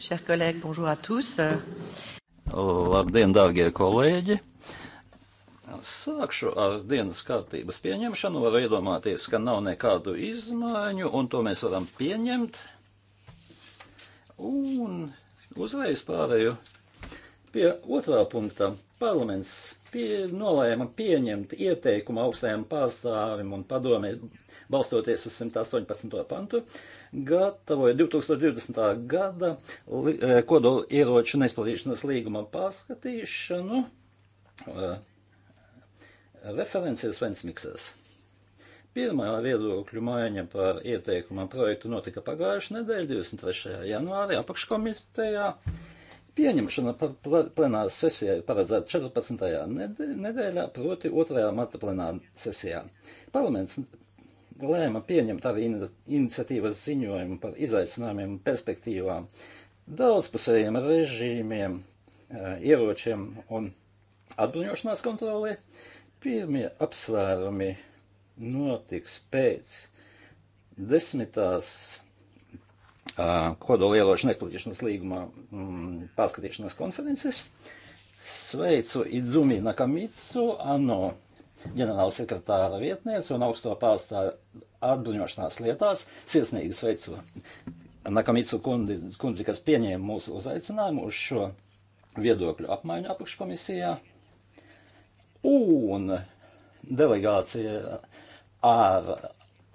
Chers collègues, bonjour à tous. Labdien, dārgie kolēģi! Sākšu ar dienas kārtības pieņemšanu. Var iedomāties, ka nav nekādu izmaiņu, un to mēs varam pieņemt. Un uzreiz pārēju pie otrā punkta. Parlaments pie, nolēma pieņemt ieteikumu augstajam pārstāvim un padomē balstoties uz 118. pantu, gatavoja 2020. gada eh, kodola ieroču neizplatīšanas līguma pārskatīšanu. Eh, Referents ir Svens Miksers. Pirmā viedokļu maiņa par ieteikumu projektu notika pagājušā nedēļa, 23. janvārī, apakškomitejā. Pieņemšana plenāra sesijā ir paredzēta 14. nedēļā, proti 2. marta plenāra sesijā. Parlaments lēma pieņemt arī iniciatīvas ziņojumu par izaicinājumiem un perspektīvām, daudzpusējiem režīmiem, eh, ieročiem un atbruņošanās kontrolē. Pirmie apsvērumi notiks pēc desmitās eh, kodolieroču neizplatīšanas līgumā mm, pārskatīšanās konferences. Sveicu Idzumi Nakamitsu, ANO ģenerāla sekretāra vietniece un augsto pārstāvu atbruņošanās lietās. Sirsnīgi sveicu Nakamitsu kundzi, kas pieņēma mūsu uzaicinājumu uz šo viedokļu apmaiņu apakškomisijā. Un delegācija ar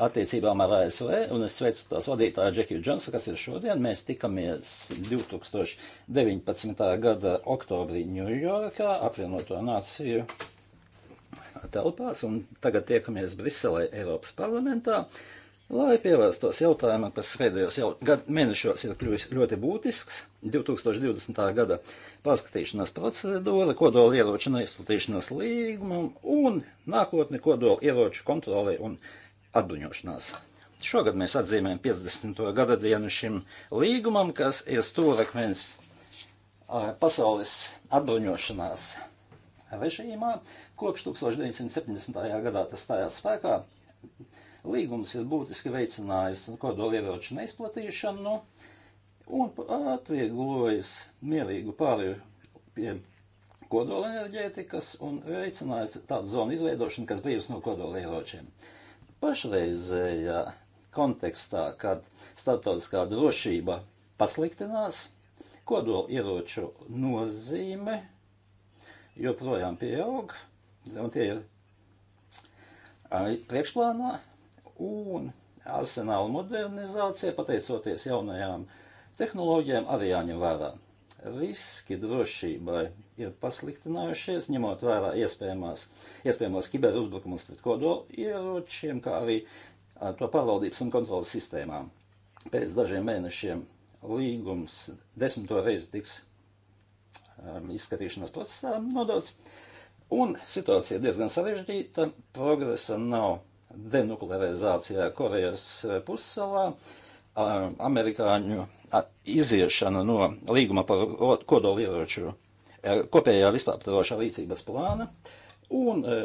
attiecībām ar ASV, un es sveicu tās vadītāju Džekiju Džonsu, kas ir šodien. Mēs tikamies 2019. gada oktobrī Ņujorkā, apvienoto nāciju telpās, un tagad tiekamies Briselē, Eiropas parlamentā, lai pievērstos jautājumam, kas pēdējos jau gad, mēnešos ir kļuvis ļoti būtisks - 2020. gada pārskatīšanās procedūra, kodola ieroču neizplatīšanas līgumam un nākotne kodola ieroču kontrolē un atbruņošanās. Šogad mēs atzīmējam 50. gada dienu šim līgumam, kas ir stūrakmens pasaules atbruņošanās režīmā, Kopš 1970. gadā tas stājās spēkā. Līgums ir būtiski veicinājis kodolieroču neizplatīšanu un atvieglojis mierīgu pārēju pie kodolenerģētikas un veicinājis tādu zonu izveidošanu, kas brīvs no kodolieročiem. Pašreizējā kontekstā, kad starptautiskā drošība pasliktinās, kodolieroču nozīme joprojām pieaug, nu, tie ir arī priekšplānā un arsenāla modernizācija, pateicoties jaunajām tehnoloģijām, arī jāņem vērā. Riski drošībai ir pasliktinājušies, ņemot vērā iespējamās, iespējamos kiberuzbrukumus pret kodolu ieročiem, kā arī to pārvaldības un kontrolas sistēmām. Pēc dažiem mēnešiem līgums desmito reizi tiks um, izskatīšanas procesā nodots. Uh, Un situācija diezgan sarežģīta, progresa nav denuklearizācijā Korejas eh, pussalā. Amerikāņu iziešana no līguma par kodolieroču e, kopējā vispārprotošā rīcības plāna, un e,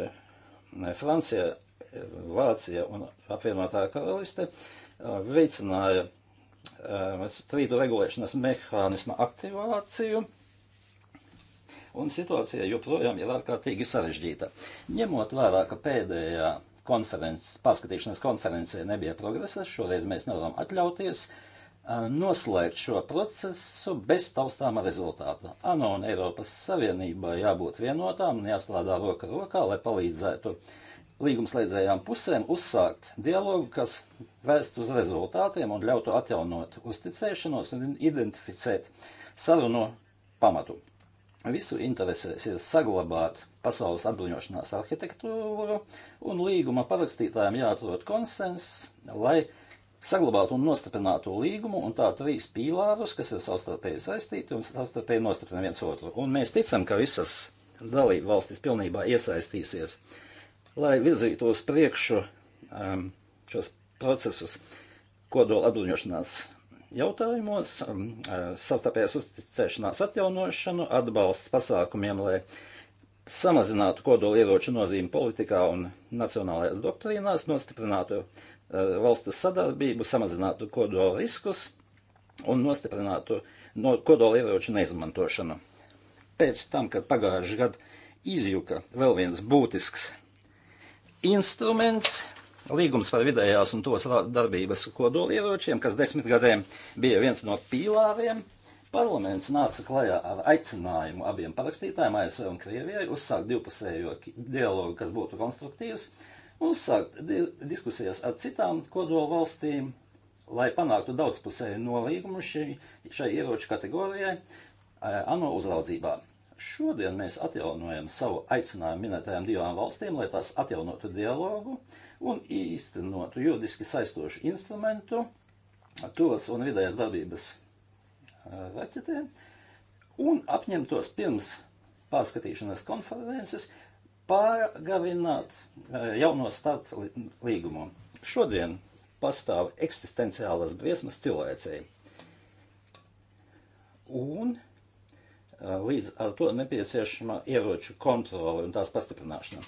Francija, e, Vācija un apvienotā karaliste veicināja strīdu regulēšanas mehānisma aktivāciju, un situācija joprojām ir ārkārtīgi sarežģīta. Ņemot vērā, ka pēdējā konferences, pārskatīšanas konferencē nebija progresa, šoreiz mēs nevaram atļauties noslēgt šo procesu bez taustāma rezultāta. ANO un Eiropas Savienībai jābūt vienotām un jāstrādā roka rokā, lai palīdzētu līgumslēdzējām pusēm uzsākt dialogu, kas vērsts uz rezultātiem un ļautu atjaunot uzticēšanos un identificēt sarunu pamatu. Visu interesēs ir saglabāt pasaules apbruņošanās arhitektūru, un līguma parakstītājiem jāatrod konsens, lai saglabātu un nostiprinātu līgumu un tā trīs pīlārus, kas ir savstarpēji saistīti un savstarpēji nostiprina viens otru. Un mēs ticam, ka visas dalība valstis pilnībā iesaistīsies, lai virzītos priekšu um, šos procesus kodola atbruņošanās jautājumos - sastāpējās uzticēšanās atjaunošanu, atbalsts pasākumiem, lai samazinātu kodolieroču nozīmi politikā un nacionālajās doktrīnās, nostiprinātu valstis sadarbību, samazinātu kodola riskus un nostiprinātu no kodolieroču neizmantošanu. Pēc tam, kad pagājuši gadu izjuka vēl viens būtisks instruments, Līgums par vidējās un tos darbības kodolieročiem, kas desmit gadiem bija viens no pīlāriem, parlaments nāca klajā ar aicinājumu abiem parakstītājiem, ASV un Krievijai, uzsākt divpusējo dialogu, kas būtu konstruktīvs, uzsākt di diskusijas ar citām kodolu valstīm, lai panāktu daudzpusēju nolīgumu šī, šai ieroču kategorijai eh, ANO uzraudzībā. Šodien mēs atjaunojam savu aicinājumu minētajām divām valstīm, lai tās atjaunotu dialogu un īstenotu juridiski saistošu instrumentu tuvas un vidējas darbības raķetēm un apņemtos pirms pārskatīšanas konferences pārgarināt jauno startu līgumu. Šodien pastāv eksistenciālas briesmas cilvēcei. Un Eh, līdz ar to nepieciešama ieroču kontrole un tās pastiprināšana.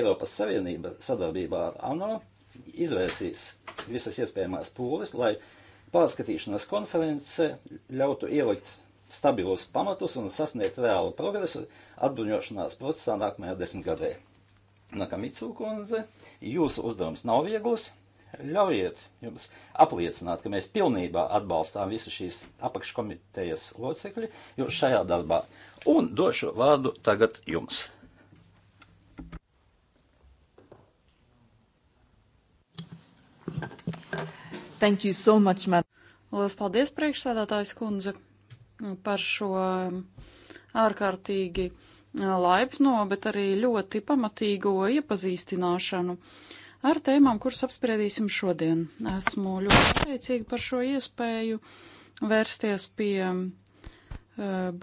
Eiropas Savienība sadarbībā ar ANO izvērsīs visas iespējamās pūles, lai pārskatīšanās konference ļautu ielikt stabilos pamatus un sasniegt reālu progresu atbruņošanās procesā nākamajā desmitgadē. Nakamitsu kundze, jūsu uzdevums nav viegls, Ļaujiet jums apliecināt, ka mēs pilnībā atbalstām visu šīs apakškomitejas locekļi, jo šajā darbā. Un došu vārdu tagad jums. Thank you so much, man. Lielas paldies, priekšsēdētājs kundze, par šo um, ārkārtīgi uh, laipno, bet arī ļoti pamatīgo iepazīstināšanu. Uh, ar tēmām, kuras apspriedīsim šodien. Esmu ļoti pateicīga par šo iespēju vērsties pie eh,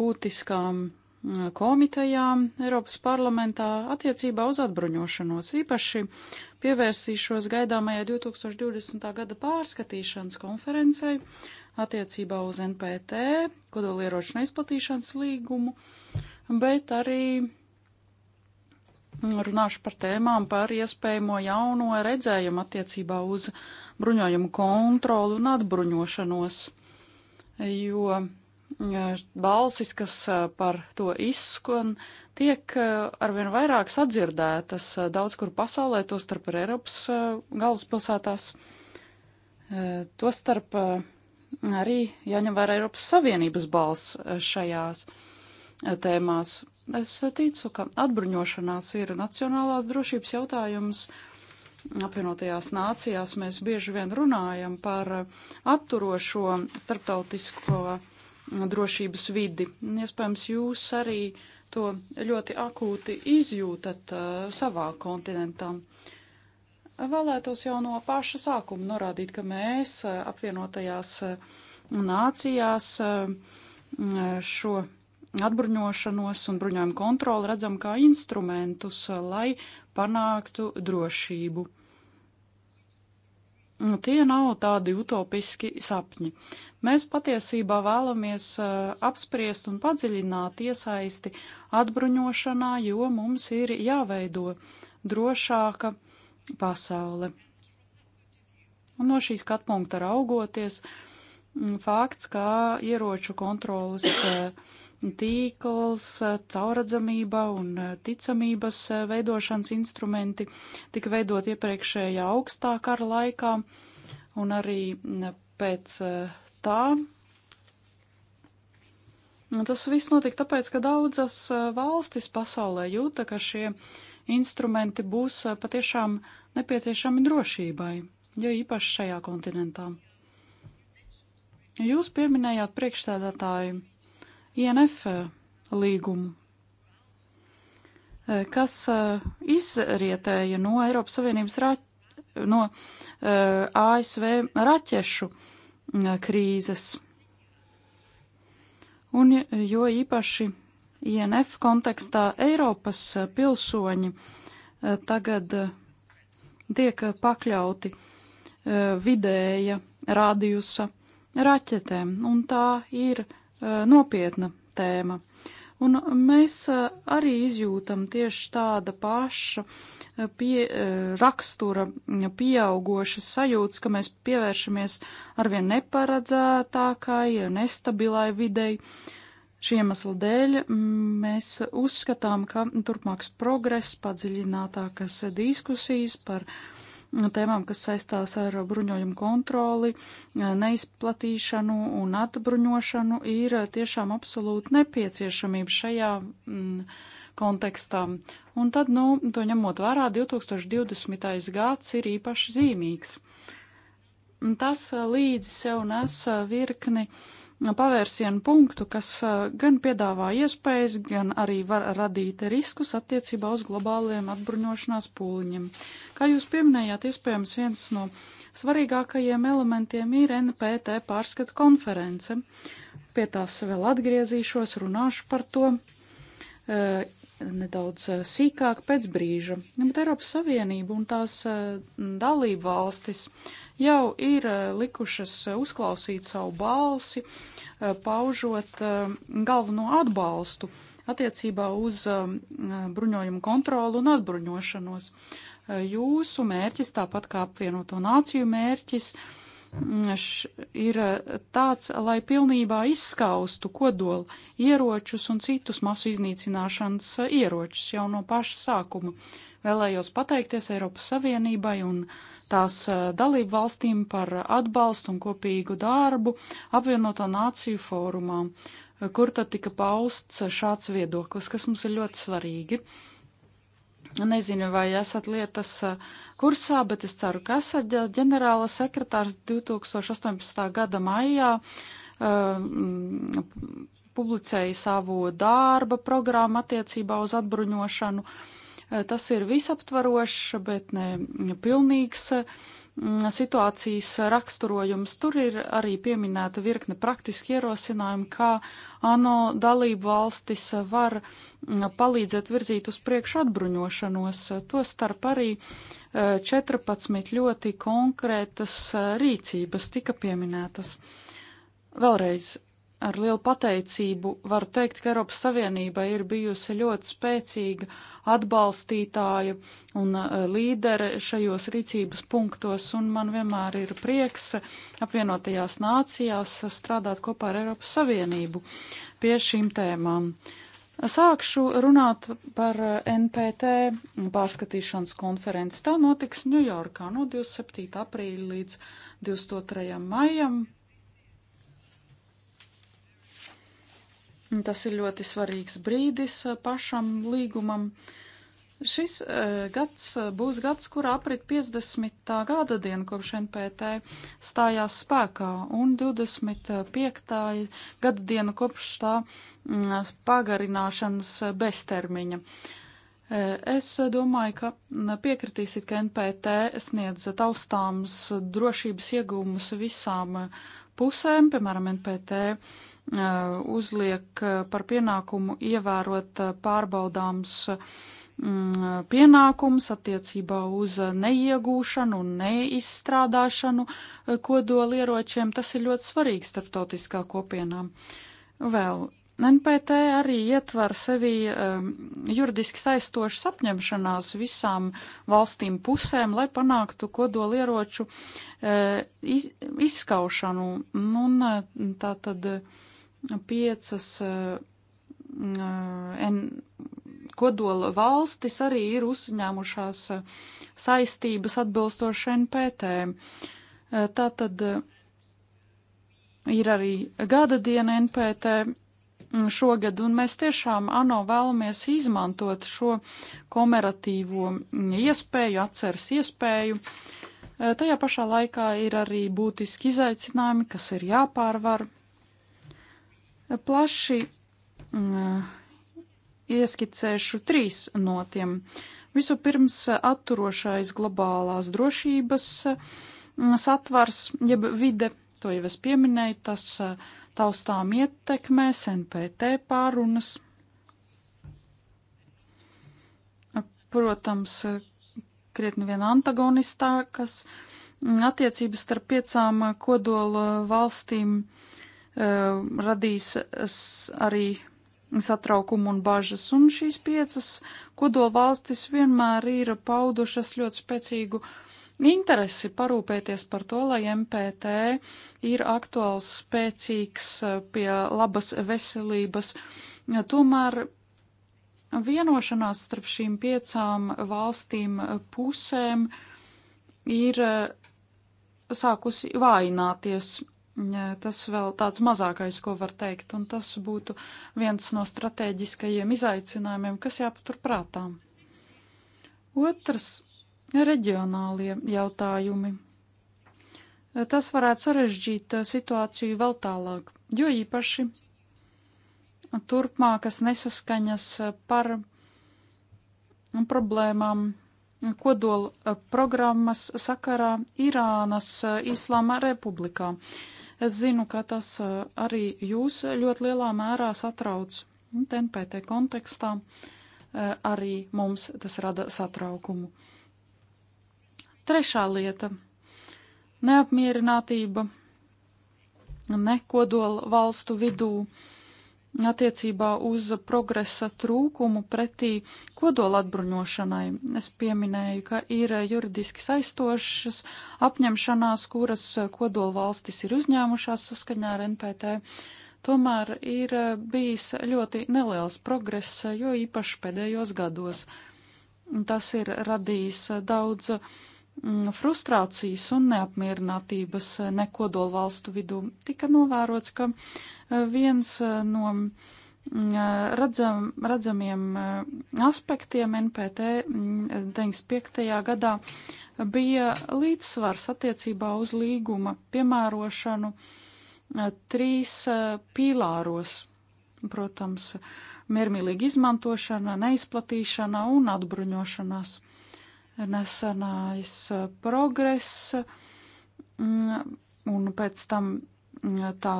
būtiskām eh, komitejām Eiropas parlamentā attiecībā uz atbruņošanos. Īpaši pievērsīšos gaidāmajai 2020. gada pārskatīšanas konferencei attiecībā uz NPT, kodolieroču neizplatīšanas līgumu, bet arī runāšu par tēmām par iespējamo jauno redzējumu attiecībā uz bruņojumu kontroli un atbruņošanos, jo balsis, kas eh, par to izskan, tiek eh, arvien vairāk sadzirdētas eh, daudz kur pasaulē, to starp ar Eiropas galvaspilsētās, to starp arī jāņem vērā Eiropas Savienības balss šajās tēmās. Es ticu, ka atbruņošanās ir nacionālās drošības jautājums. Apvienotajās nācijās mēs bieži vien runājam par atturošo starptautisko drošības vidi. Iespējams, jūs arī to ļoti akūti izjūtat uh, savā kontinentā. Vēlētos jau no paša sākuma norādīt, ka mēs uh, apvienotajās uh, nācijās uh, šo atbruņošanos un bruņojumu kontroli redzam kā instrumentus, eh, lai panāktu drošību. Tie nav tādi utopiski sapņi. Mēs patiesībā vēlamies eh, apspriest un padziļināt iesaisti atbruņošanā, jo mums ir jāveido drošāka pasaule. Un no šīs skatu punkta raugoties, mm, fakts, ka ieroču kontrolas eh, tīkls, eh, cauradzamība un eh, ticamības eh, veidošanas instrumenti tika veidot iepriekšējā augstā kara laikā un arī mm, pēc tā. Tas viss notika tāpēc, ka daudzas valstis pasaulē jūta, ka šie instrumenti būs patiešām nepieciešami drošībai, jo īpaši šajā kontinentā. Jūs pieminējāt priekšsēdētāju INF eh, līgumu, eh, kas eh, izrietēja no Eiropas Savienības raķ, no ASV raķešu krīzes. Un jo īpaši INF kontekstā Eiropas pilsoņi tagad tiek pakļauti vidēja radiusa raķetēm, un tā ir Eh, nopietna tēma. Un mēs eh, arī izjūtam tieši tāda paša eh, pie, rakstura mm, pieaugošas sajūtas, ka mēs pievēršamies arvien neparedzētākai, nestabilai videi. Šī iemesla dēļ mm, mēs uzskatām, ka turpmāks progress, padziļinātākas diskusijas par uh, tēmām, kas saistās ar bruņojumu kontroli, neizplatīšanu un atbruņošanu, ir tiešām absolūti nepieciešamība šajā mm, kontekstā. Un tad, nu, to ņemot vērā, 2020. gads ir īpaši zīmīgs. Uh, tas līdzi sev nes virkni pavērsienu punktu, kas gan piedāvā iespējas, gan arī var radīt riskus attiecībā uz globāliem atbruņošanās pūliņiem. Kā jūs pieminējāt, iespējams viens no svarīgākajiem elementiem ir NPT pārskata konference. Pie tās vēl atgriezīšos, runāšu par to nedaudz eh, sīkāk pēc brīža. Nu, bet Eiropas Savienība un tās eh, dalību valstis jau ir eh, likušas uzklausīt savu balsi, paužot galveno atbalstu attiecībā uz bruņojumu kontroli un atbruņošanos. Jūsu mērķis, tāpat kā apvienoto nāciju mērķis, ir ir eh, tāds, lai pilnībā izskaustu kodola ieročus un citus masu iznīcināšanas eh, ieročus jau no paša sākuma. Vēlējos pateikties Eiropas Savienībai un tās eh, dalību valstīm par atbalstu un kopīgu darbu apvienoto nāciju fórumā, kur tad tika pausts šāds viedoklis, kas mums ir ļoti svarīgi. Uh, Nezinu, vai esat lietas eh, kursā, bet es ceru, ka esat ģenerāla sekretārs 2018. gada maijā. Um, publicēja savu darba programmu attiecībā uz atbruņošanu. Eh, tas ir visaptvarošs, bet ne pilnīgs Mm, situācijas raksturojums. Tur ir arī pieminēta virkne praktiski ierosinājumi, kā ANO dalību valstis var mm, palīdzēt virzīt uz priekšu atbruņošanos. Tostarp arī 14 e, ļoti konkrētas e, rīcības tika pieminētas. Vēlreiz ar lielu pateicību varu teikt, ka Eiropas Savienība ir bijusi ļoti spēcīga atbalstītāja un uh, līdere šajos rīcības punktos, un man vienmēr ir prieks apvienotajās nācijās strādāt kopā ar Eiropas Savienību pie šīm tēmām. Sākšu runāt par uh, NPT pārskatīšanas konferenci. Tā notiks Ņujorkā no 27. aprīļa līdz 22. maijam Tas ir ļoti svarīgs brīdis uh, pašam līgumam. Šis uh, gads uh, būs gads, kurā aprit 50. gada diena kopš NPT stājās spēkā, un 25. gada diena kopš tā mm, pagarināšanas beztermiņa. Es domāju, ka mm, piekritīsit, ka NPT sniedz taustāms drošības iegūmus visām pusēm, piemēram, NPT Uh, uzliek uh, par pienākumu ievērot uh, pārbaudāms mm, pienākums attiecībā uz neiegūšanu un neizstrādāšanu kodolieročiem. Tas ir ļoti svarīgi starptautiskā kopienā. Vēl NPT arī ietver sevī um, juridiski saistošas apņemšanās visām valstīm pusēm, lai panāktu kodolieroču izskaušanu. Un tā tad. tad piecas eh, eh, kodola valstis arī ir uzņēmušās eh, saistības atbilstoši NPT. Tātad ir arī gada diena NPT mm, šogad, un mēs tiešām ANO vēlamies izmantot šo komeratīvo mm, iespēju, atceras iespēju. Tajā pašā laikā ir arī būtiski izaicinājumi, kas ir jāpārvar. Plaši mm, eh, ieskicēšu trīs no tiem. Vispirms eh, atturošais globālās drošības mm, satvars, jeb vide, to jau es pieminēju, tas eh, taustām ietekmēs NPT pārunas. Protams, krietni vien antagonistākas mm, attiecības starp piecām kodola valstīm uh, Eh, radīs arī satraukumu un bažas, un šīs piecas kodolvalstis vienmēr ir paudušas ļoti spēcīgu interesi parūpēties par to, lai MPT ir aktuāls, spēcīgs, eh, pie labas veselības. Tomēr vienošanās starp šīm piecām valstīm pusēm ir eh, sākusi vājināties. Tas vēl tāds mazākais, ko var teikt, un tas būtu viens no strateģiskajiem izaicinājumiem, kas jāpatur prātā. Otrs - reģionālie jautājumi. Tas varētu sarežģīt eh, situāciju vēl tālāk, jo īpaši turpmākas nesaskaņas eh, par problēmām kodola programmas sakarā Irānas eh, Islāma republikā. Uh, Es zinu, ka tas eh, arī jūs ļoti lielā mērā satrauc. TNPT kontekstā eh, arī mums tas rada satraukumu. Trešā lieta - neapmierinātība nekodola valstu vidū. Uh, attiecībā uz progresa trūkumu pretī kodola atbruņošanai. Es pieminēju, ka ir juridiski saistošas apņemšanās, kuras kodola valstis ir uzņēmušās saskaņā ar NPT. Tomēr ir bijis ļoti neliels progress, jo īpaši pēdējos gados. Tas ir radījis daudz Mm, frustrācijas un neapmierinātības eh, nekodola valstu vidū. Tika novērots, ka eh, viens eh, no mm, redzam, redzamiem aspektiem NPT 95. Mm, gadā bija līdzsvars attiecībā uz līguma piemērošanu trīs pīlāros, protams, miermīlīga izmantošana, neizplatīšana un atbruņošanās nesenājs eh, progress mm, un pēc tam mm, tā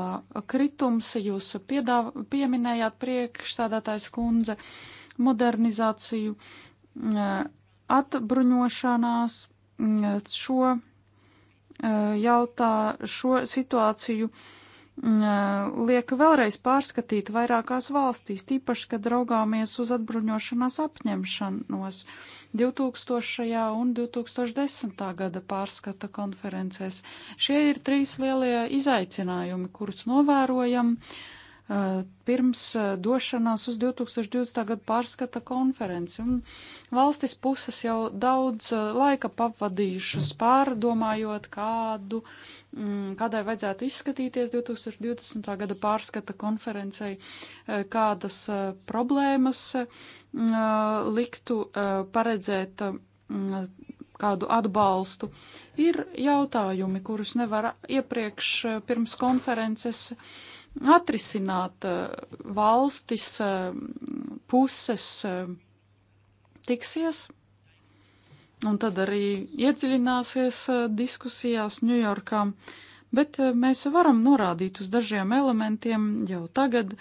kritums, jūs piedāv, pieminējāt priekšsādātājs kundze, modernizāciju, mm, atbruņošanās, šo eh, jautā, šo situāciju Mm, lieka vēlreiz pārskatīt vairākās valstīs, tīpaši, kad raugāmies uz atbruņošanās apņemšanos 2000. un 2010. gada pārskata konferencēs. Šie ir trīs lielie izaicinājumi, kurus novērojam pirms došanās uz 2020. gada pārskata konferenci. Un valstis puses jau daudz laika pavadījušas pārdomājot, kādu uh, Mm, kādai vajadzētu izskatīties 2020. gada pārskata konferencei, eh, kādas eh, problēmas mm, eh, liktu paredzēt mm, kādu atbalstu. Ir jautājumi, kurus nevar iepriekš pirms konferences atrisināt valstis, puses tiksies un tad arī iedziļināsies e, diskusijās Ņujorkā, bet e, mēs varam norādīt uz dažiem elementiem jau tagad,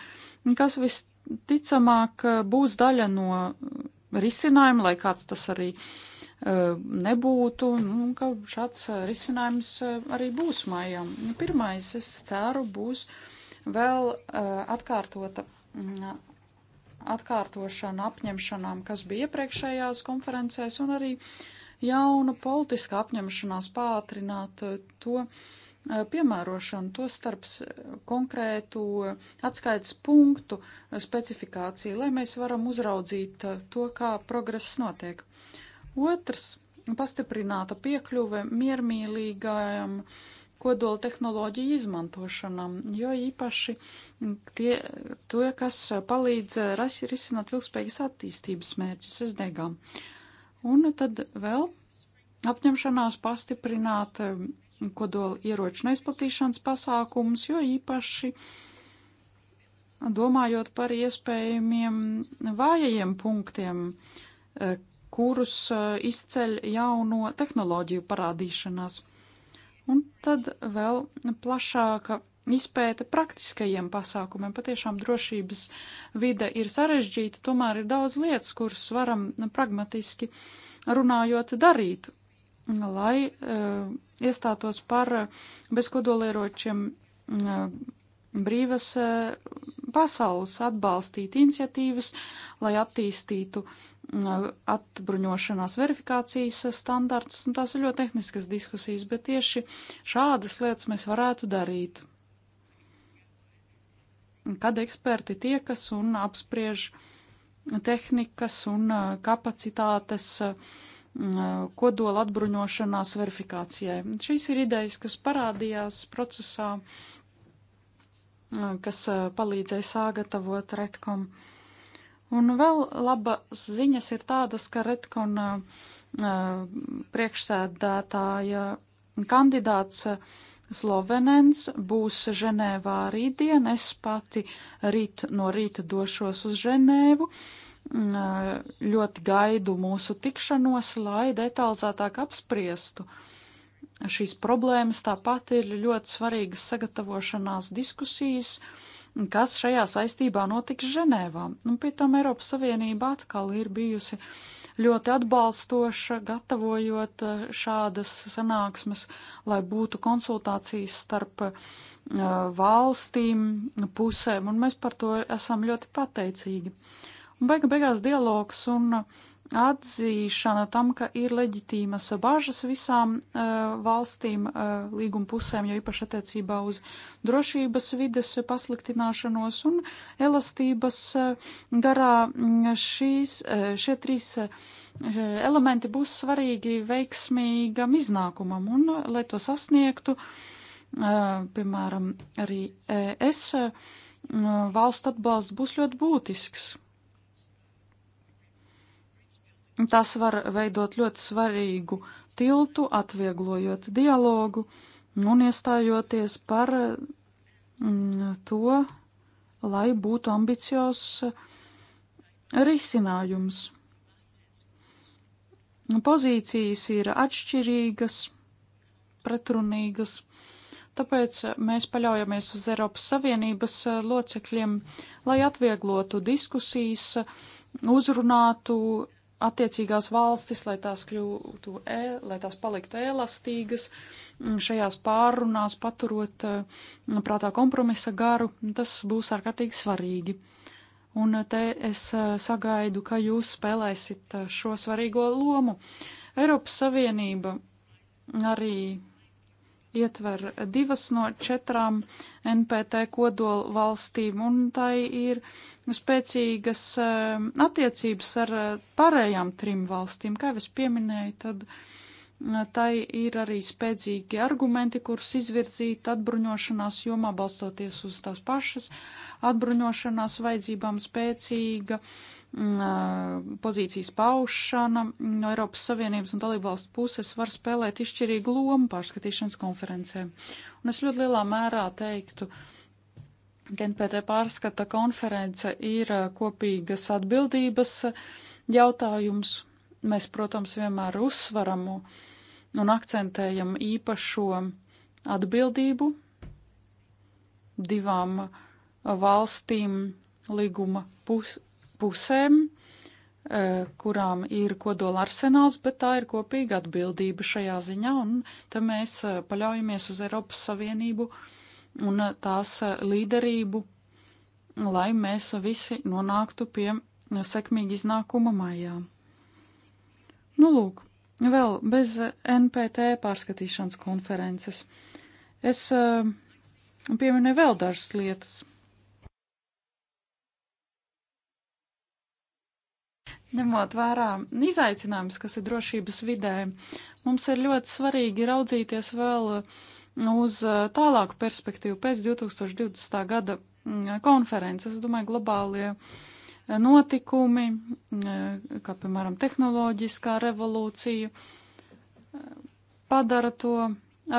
kas visticamāk e, būs daļa no risinājuma, lai kāds tas arī nebūtu, nu, ka šāds risinājums arī būs mājām. Pirmais, es ceru, būs vēl atkārtota atkārtošanu apņemšanām, kas bija iepriekšējās konferencēs, un arī jauna politiska apņemšanās pātrināt eh, to eh, piemērošanu, to starp konkrētu eh, atskaites punktu specifikāciju, lai mēs varam uzraudzīt to, kā progress notiek. Otrs - pastiprināta piekļuve miermīlīgajam uh, kodola tehnoloģiju izmantošanam, jo īpaši tie, to, kas palīdz risināt ilgspējīgas attīstības mērķus SDG. Un tad vēl apņemšanās pastiprināt um, kodola ieroču neizplatīšanas pasākumus, jo īpaši domājot par iespējamiem vājajiem punktiem, uh, kurus uh, izceļ jauno tehnoloģiju parādīšanās. Un tad vēl plašāka izpēta praktiskajiem pasākumiem. Patiešām drošības vide ir sarežģīta, tomēr ir daudz lietas, kuras varam pragmatiski runājot darīt, lai uh, iestātos par bezkodolieročiem uh, brīvas uh, pasaules atbalstīt iniciatīvas, lai attīstītu atbruņošanās verifikācijas standartus, un tās ir ļoti tehniskas diskusijas, bet tieši šādas lietas mēs varētu darīt. Kad eksperti tiekas un apspriež tehnikas un uh, kapacitātes uh, kodola atbruņošanās verifikācijai. Šīs ir idejas, kas parādījās procesā, uh, kas palīdzēja sāgatavot retkomu. Un vēl labas ziņas ir tādas, ka Retkona uh, uh, priekšsēdētāja kandidāts uh, Slovenens būs Ženēvā rītdien. Es pati rīt no rīta došos uz Ženēvu. Mm, ļoti gaidu mūsu tikšanos, lai detalizētāk apspriestu šīs problēmas. Tāpat ir ļoti svarīgas sagatavošanās diskusijas. Uh, kas šajā saistībā notiks Ženēvā. Un nu, pie tam Eiropas Savienība atkal ir bijusi ļoti atbalstoša, gatavojot eh, šādas sanāksmes, lai būtu konsultācijas starp eh, valstīm, pusēm, un mēs par to esam ļoti pateicīgi. Un beiga beigās dialogs un uh, atzīšana tam, ka ir leģitīmas bažas visām uh, valstīm, uh, līguma pusēm, jo īpaši attiecībā uz drošības vides pasliktināšanos un elastības uh, garā mm, šīs, uh, šie trīs uh, elementi būs svarīgi veiksmīgam iznākumam un, uh, lai to sasniegtu, uh, piemēram, arī ES uh, valstu atbalsts būs ļoti būtisks. Tas var veidot ļoti svarīgu tiltu, atvieglojot dialogu un iestājoties par mm, to, lai būtu ambiciozs risinājums. Pozīcijas ir atšķirīgas, pretrunīgas, Tāpēc mēs paļaujamies uz Eiropas Savienības locekļiem, lai atvieglotu diskusijas, uzrunātu attiecīgās valstis, lai tās kļūtu, e, lai tās paliktu elastīgas, mm, šajās pārunās paturot mm, prātā kompromisa garu, tas būs ārkārtīgi svarīgi. Un eh, te es eh, sagaidu, ka jūs spēlēsiet eh, šo svarīgo lomu. Eiropas Savienība arī ietver divas no četrām NPT kodolu valstīm, un tai ir spēcīgas ehm, attiecības ar eh, pārējām trim valstīm. Kā jau es pieminēju, tad eh, tai ir arī spēcīgi argumenti, kurus izvirzīt atbruņošanās jomā, balstoties uz tās pašas atbruņošanās vajadzībām spēcīga. Uh, Mm, pozīcijas paušana no Eiropas Savienības un dalību valstu puses var spēlēt izšķirīgu lomu pārskatīšanas konferencē. Un es ļoti lielā mērā teiktu, GNPT pārskata konference ir kopīgas atbildības jautājums. Mēs, protams, vienmēr uzsvaram un akcentējam īpašo atbildību divām valstīm līguma pus, pusēm, eh, kurām ir kodola arsenāls, bet tā ir kopīga atbildība šajā ziņā, un te mēs eh, paļaujamies uz Eiropas Savienību un eh, tās līderību, lai mēs visi nonāktu pie sekmīga iznākuma maijā. Nu, lūk, vēl bez NPT pārskatīšanas konferences. Es pieminēju vēl dažas lietas. ņemot vērā izaicinājumus, kas ir drošības vidē, mums ir ļoti svarīgi raudzīties vēl mm, uz tālāku perspektīvu pēc 2020. gada mm, konferences. Es domāju, globālie notikumi, kā piemēram tehnoloģiskā revolūcija, padara to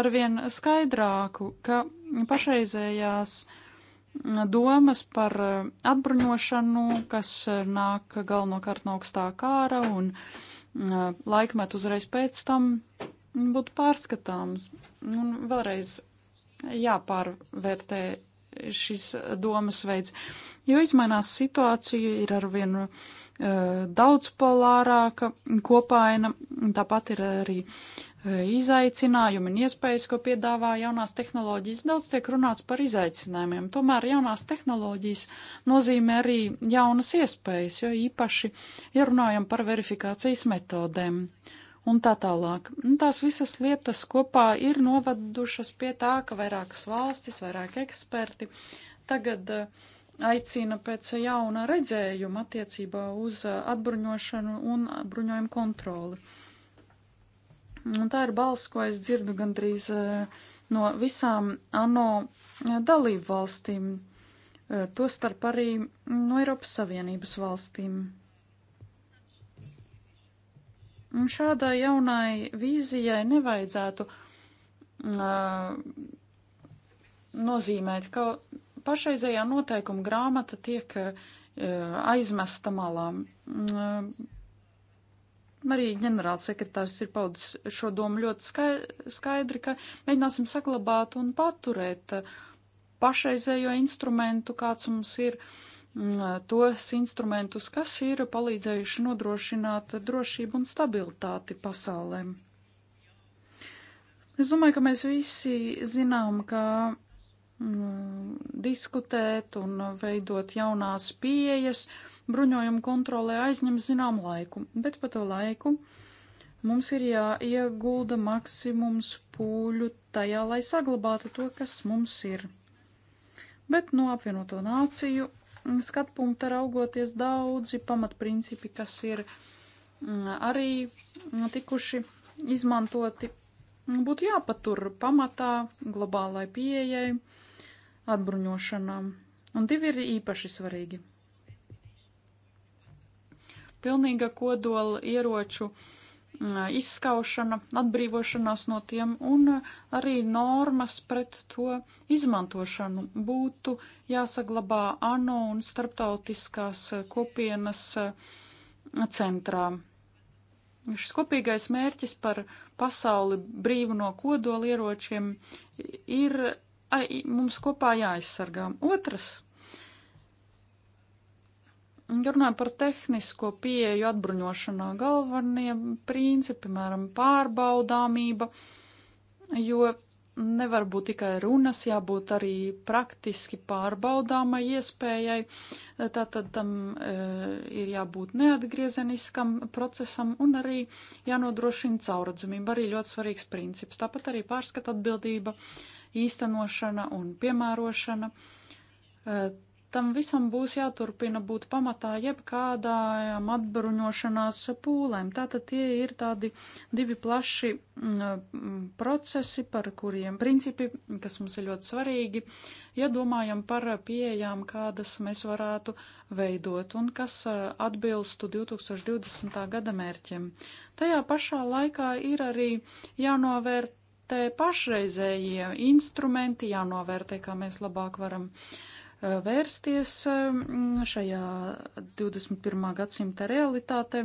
arvien skaidrāku, ka pašreizējās uh, domas par eh, atbruņošanu, kas eh, nāk galvenokārt no augstā kāra un eh, laikmet uzreiz pēc tam būtu pārskatāms. Un vēlreiz jāpārvērtē šis domas veids, jo izmainās situācija ir arvien uh, daudz polārāka, kopaina, tāpat ir arī uh, izaicinājumi un iespējas, ko piedāvā jaunās tehnoloģijas. Daudz tiek runāts par izaicinājumiem, tomēr jaunās tehnoloģijas nozīmē arī jaunas iespējas, jo īpaši, ja runājam par verifikācijas metodēm un tā tālāk. Tās visas lietas kopā ir novadušas pie tā, ka vairākas valstis, vairāk eksperti tagad eh, aicina pēc jauna redzējuma attiecībā uz eh, atbruņošanu un bruņojumu kontroli. Un tā ir balss, ko es dzirdu gandrīz eh, no visām ANO eh, dalību valstīm, eh, tostarp arī mm, no Eiropas Savienības valstīm. Un šādai jaunai vīzijai nevajadzētu uh, nozīmēt, ka pašreizējā noteikuma grāmata tiek uh, aizmesta malām. Mm, uh, arī ģenerālsekretārs ir paudis šo domu ļoti skaidri, ka mēģināsim saglabāt un paturēt uh, pašreizējo instrumentu, kāds mums ir, mm, uh, tos instrumentus, kas ir palīdzējuši nodrošināt drošību un stabilitāti pasaulēm. Es domāju, ka mēs visi zinām, ka mm, diskutēt un veidot jaunās pieejas, uh, bruņojuma kontrolē aizņem zinām laiku, bet pa to laiku mums ir jāiegulda maksimums pūļu tajā, lai saglabātu to, kas mums ir. Bet no apvienoto nāciju skatu punkta raugoties daudzi pamatprincipi, kas ir mm, arī tikuši izmantoti, būtu jāpatur pamatā globālai pieejai, atbruņošanām. Un divi ir īpaši svarīgi pilnīga kodola ieroču mm, izskaušana, atbrīvošanās no tiem un eh, arī normas pret to izmantošanu būtu jāsaglabā ANO un starptautiskās eh, kopienas eh, centrā. Šis kopīgais mērķis par pasauli brīvu no kodolieročiem ir ai, mums kopā jāaizsargā. Otrs Runājot par tehnisko pieeju atbruņošanā, galvenie principi, piemēram, pārbaudāmība, jo nevar būt tikai runas, jābūt arī praktiski pārbaudāmai iespējai. Tātad tam e, ir jābūt neatgriezeniskam procesam un arī jānodrošina cauradzamība, arī ļoti svarīgs princips. Tāpat arī pārskata atbildība, īstenošana un piemērošana. E, tam visam būs jāturpina būt pamatā jebkādām atbruņošanās pūlēm. Tātad tie ir tādi divi plaši mm, mm, procesi, par kuriem principi, kas mums ir ļoti svarīgi, ja domājam par pieejām, kādas mēs varētu veidot un kas e, atbilstu 2020. gada mērķiem. Tajā pašā laikā ir arī jānovērt jāvērtē pašreizējie instrumenti, jānovērtē, kā mēs labāk varam uh, Eh, vērsties eh, šajā 21. gadsimta realitātē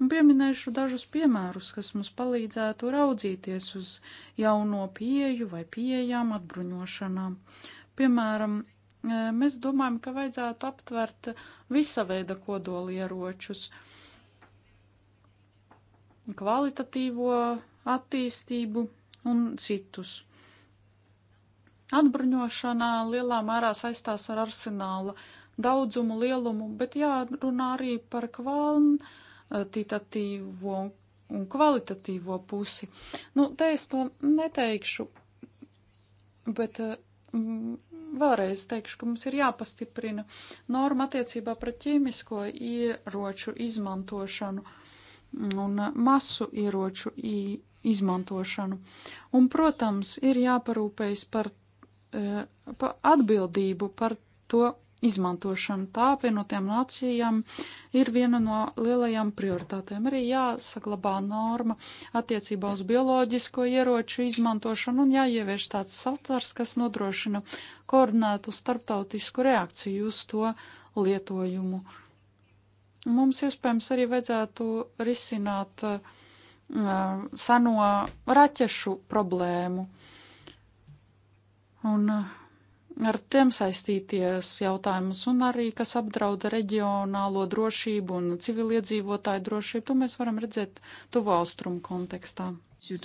un pieminēšu dažus piemērus, kas mums palīdzētu raudzīties uz jauno pieju vai pieejām atbruņošanām. Piemēram, eh, mēs domājam, ka vajadzētu aptvert visa veida kodolieročus, kvalitatīvo attīstību un citus. Atbruņošana lielā mērā saistās ar arsenāla daudzumu, lielumu, bet jārunā arī par kvantitatīvo un kvalitatīvo pusi. Nu, te es to neteikšu, bet mm, vēlreiz teikšu, ka mums ir jāpastiprina norma attiecībā pret ķīmisko ieroču izmantošanu un masu ieroču izmantošanu. Un, protams, ir jāparūpējas par E, atbildību par to izmantošanu. Tā apvienotiem nācijām ir viena no lielajām prioritātēm. Arī jāsaglabā norma attiecībā uz bioloģisko ieroču izmantošanu un jāievieš tāds satvers, kas nodrošina koordinētu starptautisku reakciju uz to lietojumu. Mums iespējams arī vajadzētu risināt uh, seno raķešu problēmu. Uh, un eh, ar tiem saistīties jautājumus, un arī kas apdrauda reģionālo drošību un civiliedzīvotāju drošību, to mēs varam redzēt tuvu austrumu kontekstā. Eh,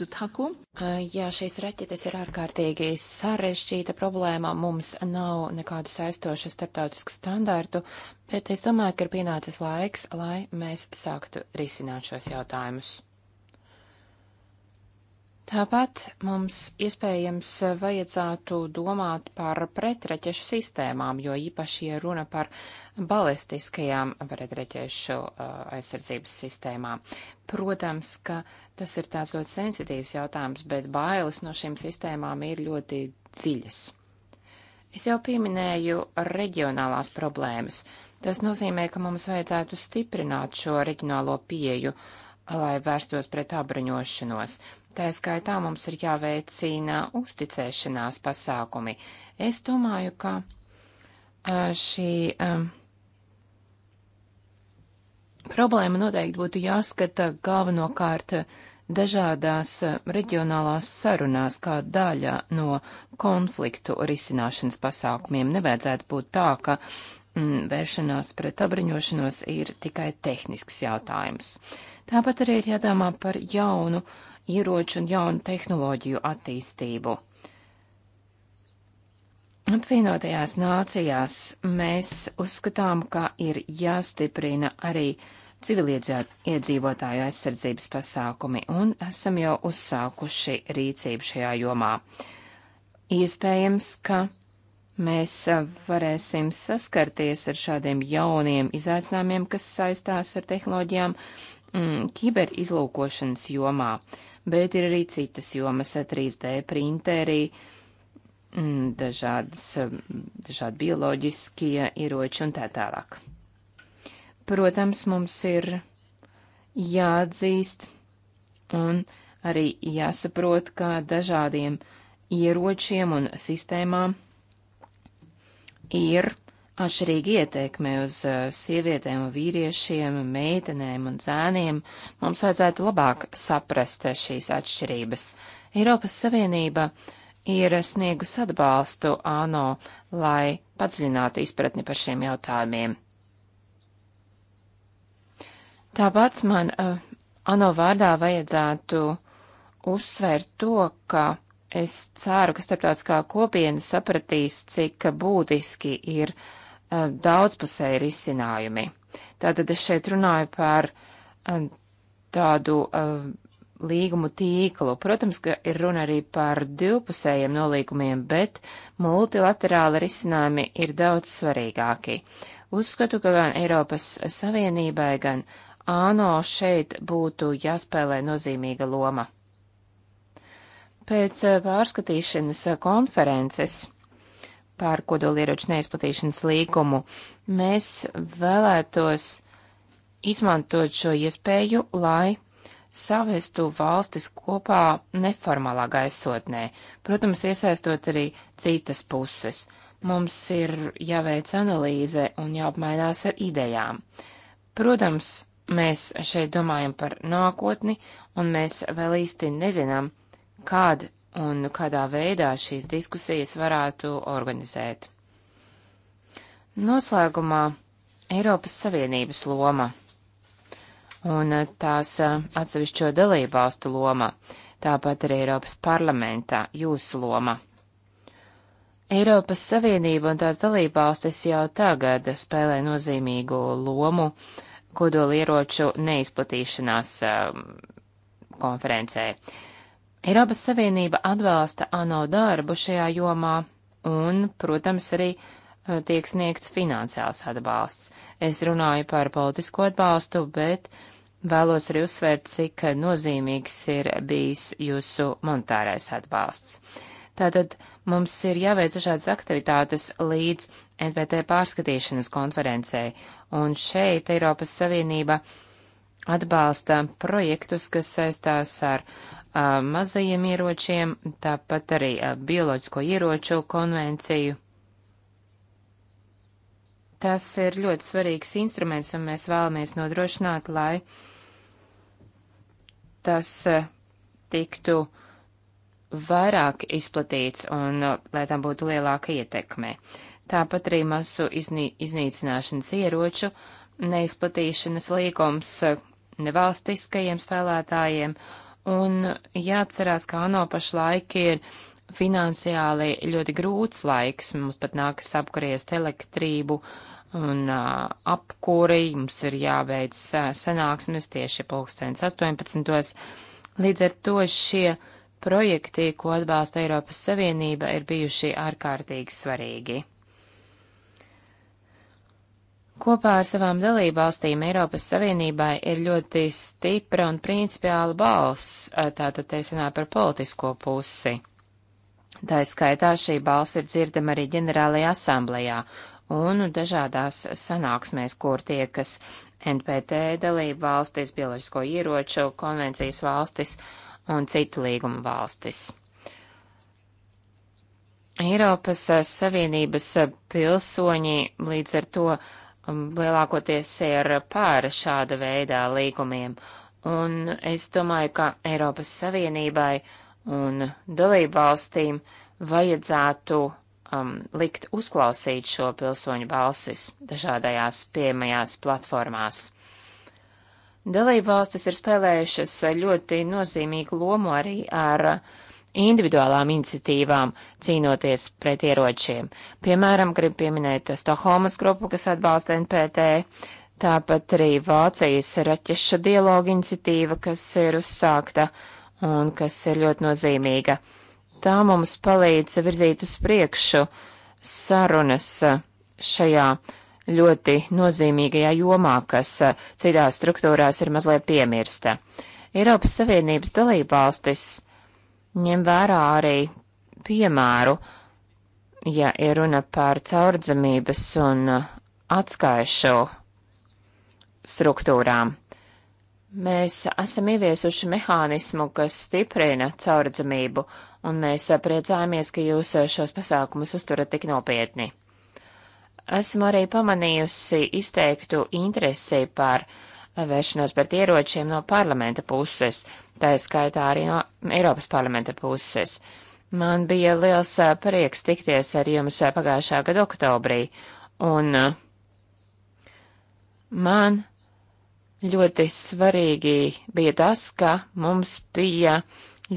jā, šīs raķetes ir ārkārtīgi sarežģīta problēma. Mums nav nekādu saistošu starptautisku standārtu, bet es domāju, ka ir pienācis laiks, lai mēs sāktu risināt šos jautājumus. Tāpat mums iespējams vajadzētu domāt par pretreķešu sistēmām, jo īpaši ir runa par balistiskajām pretreķešu uh, aizsardzības sistēmām. Protams, ka tas ir tāds ļoti sensitīvs jautājums, bet bailes no šīm sistēmām ir ļoti dziļas. Es jau pieminēju reģionālās problēmas. Tas nozīmē, ka mums vajadzētu stiprināt šo reģionālo pieju, lai vērstos pret apbruņošanos. Tā skaitā mums ir jāveicina uzticēšanās pasākumi. Es domāju, ka šī um, problēma noteikti būtu jāskata galvenokārt dažādās reģionālās sarunās kā daļa no konfliktu risināšanas pasākumiem. Nevajadzētu būt tā, ka mm, vēršanās pret abriņošanos ir tikai tehnisks jautājums. Tāpat arī ir jādomā par jaunu uh, ieroču un jaunu tehnoloģiju attīstību. Apvienotajās nācijās mēs uzskatām, ka ir jāstiprina arī civiliedzīvotāju aizsardzības pasākumi, un esam jau uzsākuši rīcību šajā jomā. Iespējams, ka mēs varēsim saskarties ar šādiem jauniem izaicinājumiem, kas saistās ar tehnoloģijām, uh, mm, kiberizlūkošanas jomā, bet ir arī citas jomas - 3D printeri, mm, dažādas, mm, dažādi bioloģiskie ieroči un tā tālāk. Protams, mums ir jāatzīst un arī jāsaprot, ka dažādiem ieročiem un sistēmām ir atšķirīga ieteikme uz uh, sievietēm un vīriešiem, meitenēm un zēniem, mums vajadzētu labāk saprast šīs atšķirības. Eiropas Savienība ir sniegus atbalstu ANO, lai padziļinātu izpratni par šiem jautājumiem. Tāpat man uh, ANO vārdā vajadzētu uzsvērt to, ka es ceru, ka starptautiskā kopiena sapratīs, cik būtiski ir uh, Eh, daudzpusēji risinājumi. Tātad es šeit runāju par eh, tādu uh, līgumu tīklu. Protams, ka ir runa arī par divpusējiem nolīgumiem, bet multilaterāli risinājumi ir daudz svarīgāki. Uzskatu, ka gan Eiropas Savienībai, gan ANO šeit būtu jāspēlē nozīmīga loma. Pēc pārskatīšanas konferences pār kodolieroču neizplatīšanas līgumu. Mēs vēlētos izmantot šo iespēju, lai savestu valstis kopā neformālā gaisotnē, protams, iesaistot arī citas puses. Mums ir jāveic analīze un jāapmainās ar idejām. Protams, mēs šeit domājam par nākotni, un mēs vēl īsti nezinām, kāda un kādā veidā šīs diskusijas varētu organizēt. Noslēgumā Eiropas Savienības loma un tās atsevišķo dalībvalstu loma, tāpat arī Eiropas parlamentā jūsu loma. Eiropas Savienība un tās dalībvalstis jau tagad spēlē nozīmīgu lomu kodolieroču neizplatīšanās um, konferencē. Uh, Eiropas Savienība atbalsta ANO darbu šajā jomā un, protams, arī eh, tiek sniegts finansiāls atbalsts. Es runāju par politisko atbalstu, bet vēlos arī uzsvērt, cik nozīmīgs ir bijis jūsu monetārais atbalsts. Tātad mums ir jāveic dažādas aktivitātes līdz NPT pārskatīšanas konferencē, un šeit Eiropas Savienība atbalsta projektus, kas saistās ar mazajiem ieročiem, tāpat arī bioloģisko ieroču konvenciju. Tas ir ļoti svarīgs instruments, un mēs vēlamies nodrošināt, lai tas tiktu vairāk izplatīts un lai tam būtu lielāka ietekme. Tāpat arī masu iznī, iznīcināšanas ieroču neizplatīšanas līgums nevalstiskajiem spēlētājiem Un jāatcerās, ka ANO pašlaik ir finansiāli ļoti grūts laiks, mums pat nākas apkuriest elektrību un uh, apkuri, mums ir jābeidz uh, sanāksmes tieši pulkstens 18. Līdz ar to šie projekti, ko atbalsta Eiropas Savienība, ir bijuši ārkārtīgi svarīgi. Kopā ar savām dalībvalstīm Eiropas Savienībai ir ļoti stipra un principiāla balss, tātad te es runāju par politisko pusi. Tā skaitā šī balss ir dzirdama arī ģenerālajā asamblējā un dažādās sanāksmēs, kur tiekas NPT dalība valstis, bioloģisko ieroču konvencijas valstis un citu līgumu valstis. Eiropas Savienības pilsoņi līdz ar to uh, Um, lielākoties ir pār šāda veidā līgumiem, un es domāju, ka Eiropas Savienībai un dalību valstīm vajadzētu um, likt uzklausīt šo pilsoņu balsis dažādajās piemajās platformās. Dalību valstis ir spēlējušas ļoti nozīmīgu lomu arī ar uh, individuālām iniciatīvām cīnoties pret ieročiem. Piemēram, gribu pieminēt Stokholmas grupu, kas atbalsta NPT, tāpat arī Vācijas raķešu dialogu iniciatīva, kas ir uzsākta un kas ir ļoti nozīmīga. Tā mums palīdz virzīt uz priekšu sarunas šajā ļoti nozīmīgajā jomā, kas citās struktūrās ir mazliet piemirsta. Eiropas Savienības dalībvalstis ņem vērā arī piemēru, ja ir runa par caurdzamības un uh, atskaišu struktūrām. Mēs esam ieviesuši mehānismu, kas stiprina caurdzamību, un mēs uh, priecājamies, ka jūs uh, šos pasākumus uzturat tik nopietni. Esmu arī pamanījusi izteiktu interesi par vēršanos pret ieročiem no parlamenta puses, tā skaitā arī no Eiropas parlamenta puses. Man bija liels prieks tikties ar jums pagājušā gada oktobrī, un man ļoti svarīgi bija tas, ka mums bija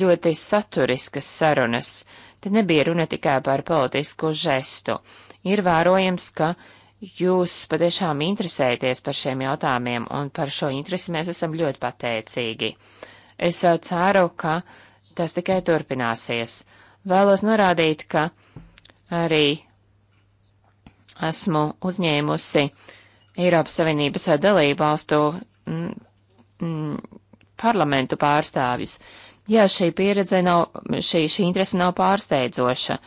ļoti saturiskas sarunas. Te nebija runa tikai par politisku žestu. Ir vērojams, ka jūs patiešām interesēties par šiem jautājumiem, un par šo interesi mēs esam ļoti pateicīgi. Es eh, ceru, ka tas tikai turpināsies. Vēlos norādīt, ka arī esmu uzņēmusi Eiropas Savienības eh, dalību valstu mm, mm, parlamentu pārstāvjus. Jā, šī pieredze nav, šī, šī interese nav pārsteidzoša,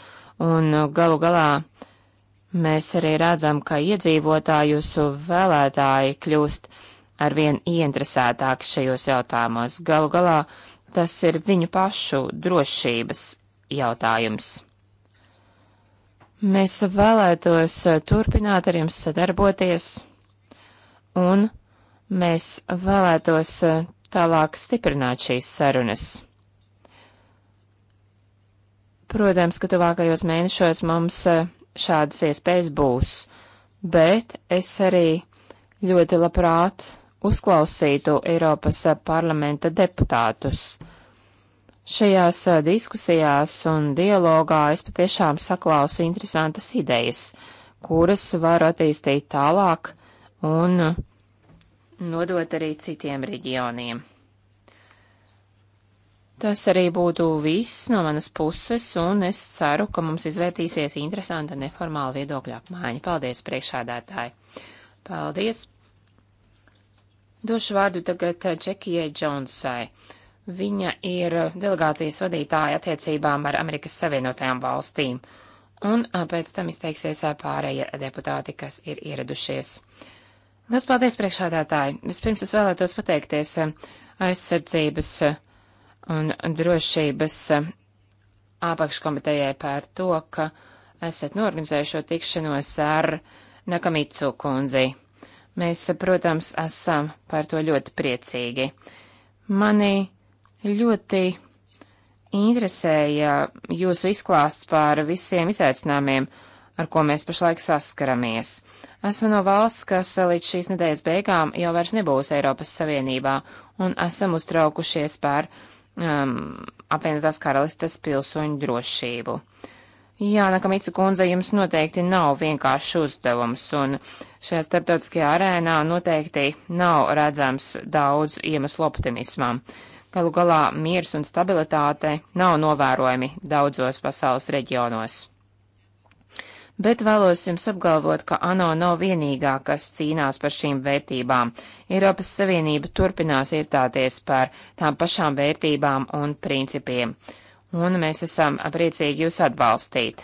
un eh, galu galā mēs arī redzam, ka iedzīvotājus vēlētāji kļūst uh, arvien ieinteresētāki šajos jautājumos. Galu galā tas ir viņu pašu drošības jautājums. Mēs vēlētos turpināt ar jums sadarboties, un mēs vēlētos tālāk stiprināt šīs sarunas. Protams, ka tuvākajos mēnešos mums e, šādas iespējas būs, bet es arī ļoti labprāt uzklausītu Eiropas parlamenta deputātus. Šajās eh, diskusijās un dialogā es patiešām saklausu interesantas idejas, kuras varu attīstīt tālāk un eh, nodot arī citiem reģioniem. Tas arī būtu viss no manas puses, un es ceru, ka mums izvērtīsies interesanta neformāla viedokļa apmaiņa. Paldies, priekšādātāji! Paldies! Došu vārdu tagad Džekijai Džonsai. Viņa ir delegācijas vadītāja attiecībām ar Amerikas Savienotajām valstīm, un pēc tam izteiksies pārējie deputāti, kas ir ieradušies. Lielas paldies priekšādātāji! Vispirms es vēlētos pateikties aizsardzības un drošības apakškomitejai par to, ka esat norganizējuši šo tikšanos ar Nakamitsu kundzi. Mēs, protams, esam par to ļoti priecīgi. Mani ļoti interesēja jūsu izklāsts par visiem izaicinājumiem, ar ko mēs pašlaik saskaramies. Esmu no valsts, kas līdz šīs nedēļas beigām jau vairs nebūs Eiropas Savienībā, un esam uztraukušies par um, apvienotās karalistes pilsoņu drošību. Uh, Jā, Nakamicu kundze, jums noteikti nav vienkāršs uzdevums, un šajā starptautiskajā arēnā noteikti nav redzams daudz iemeslu optimismam. Galu galā miers un stabilitāte nav novērojami daudzos pasaules reģionos. Bet vēlos jums apgalvot, ka ANO nav vienīgā, kas cīnās par šīm vērtībām. Eiropas Savienība turpinās iestāties par tām pašām vērtībām un principiem un mēs esam priecīgi jūs atbalstīt.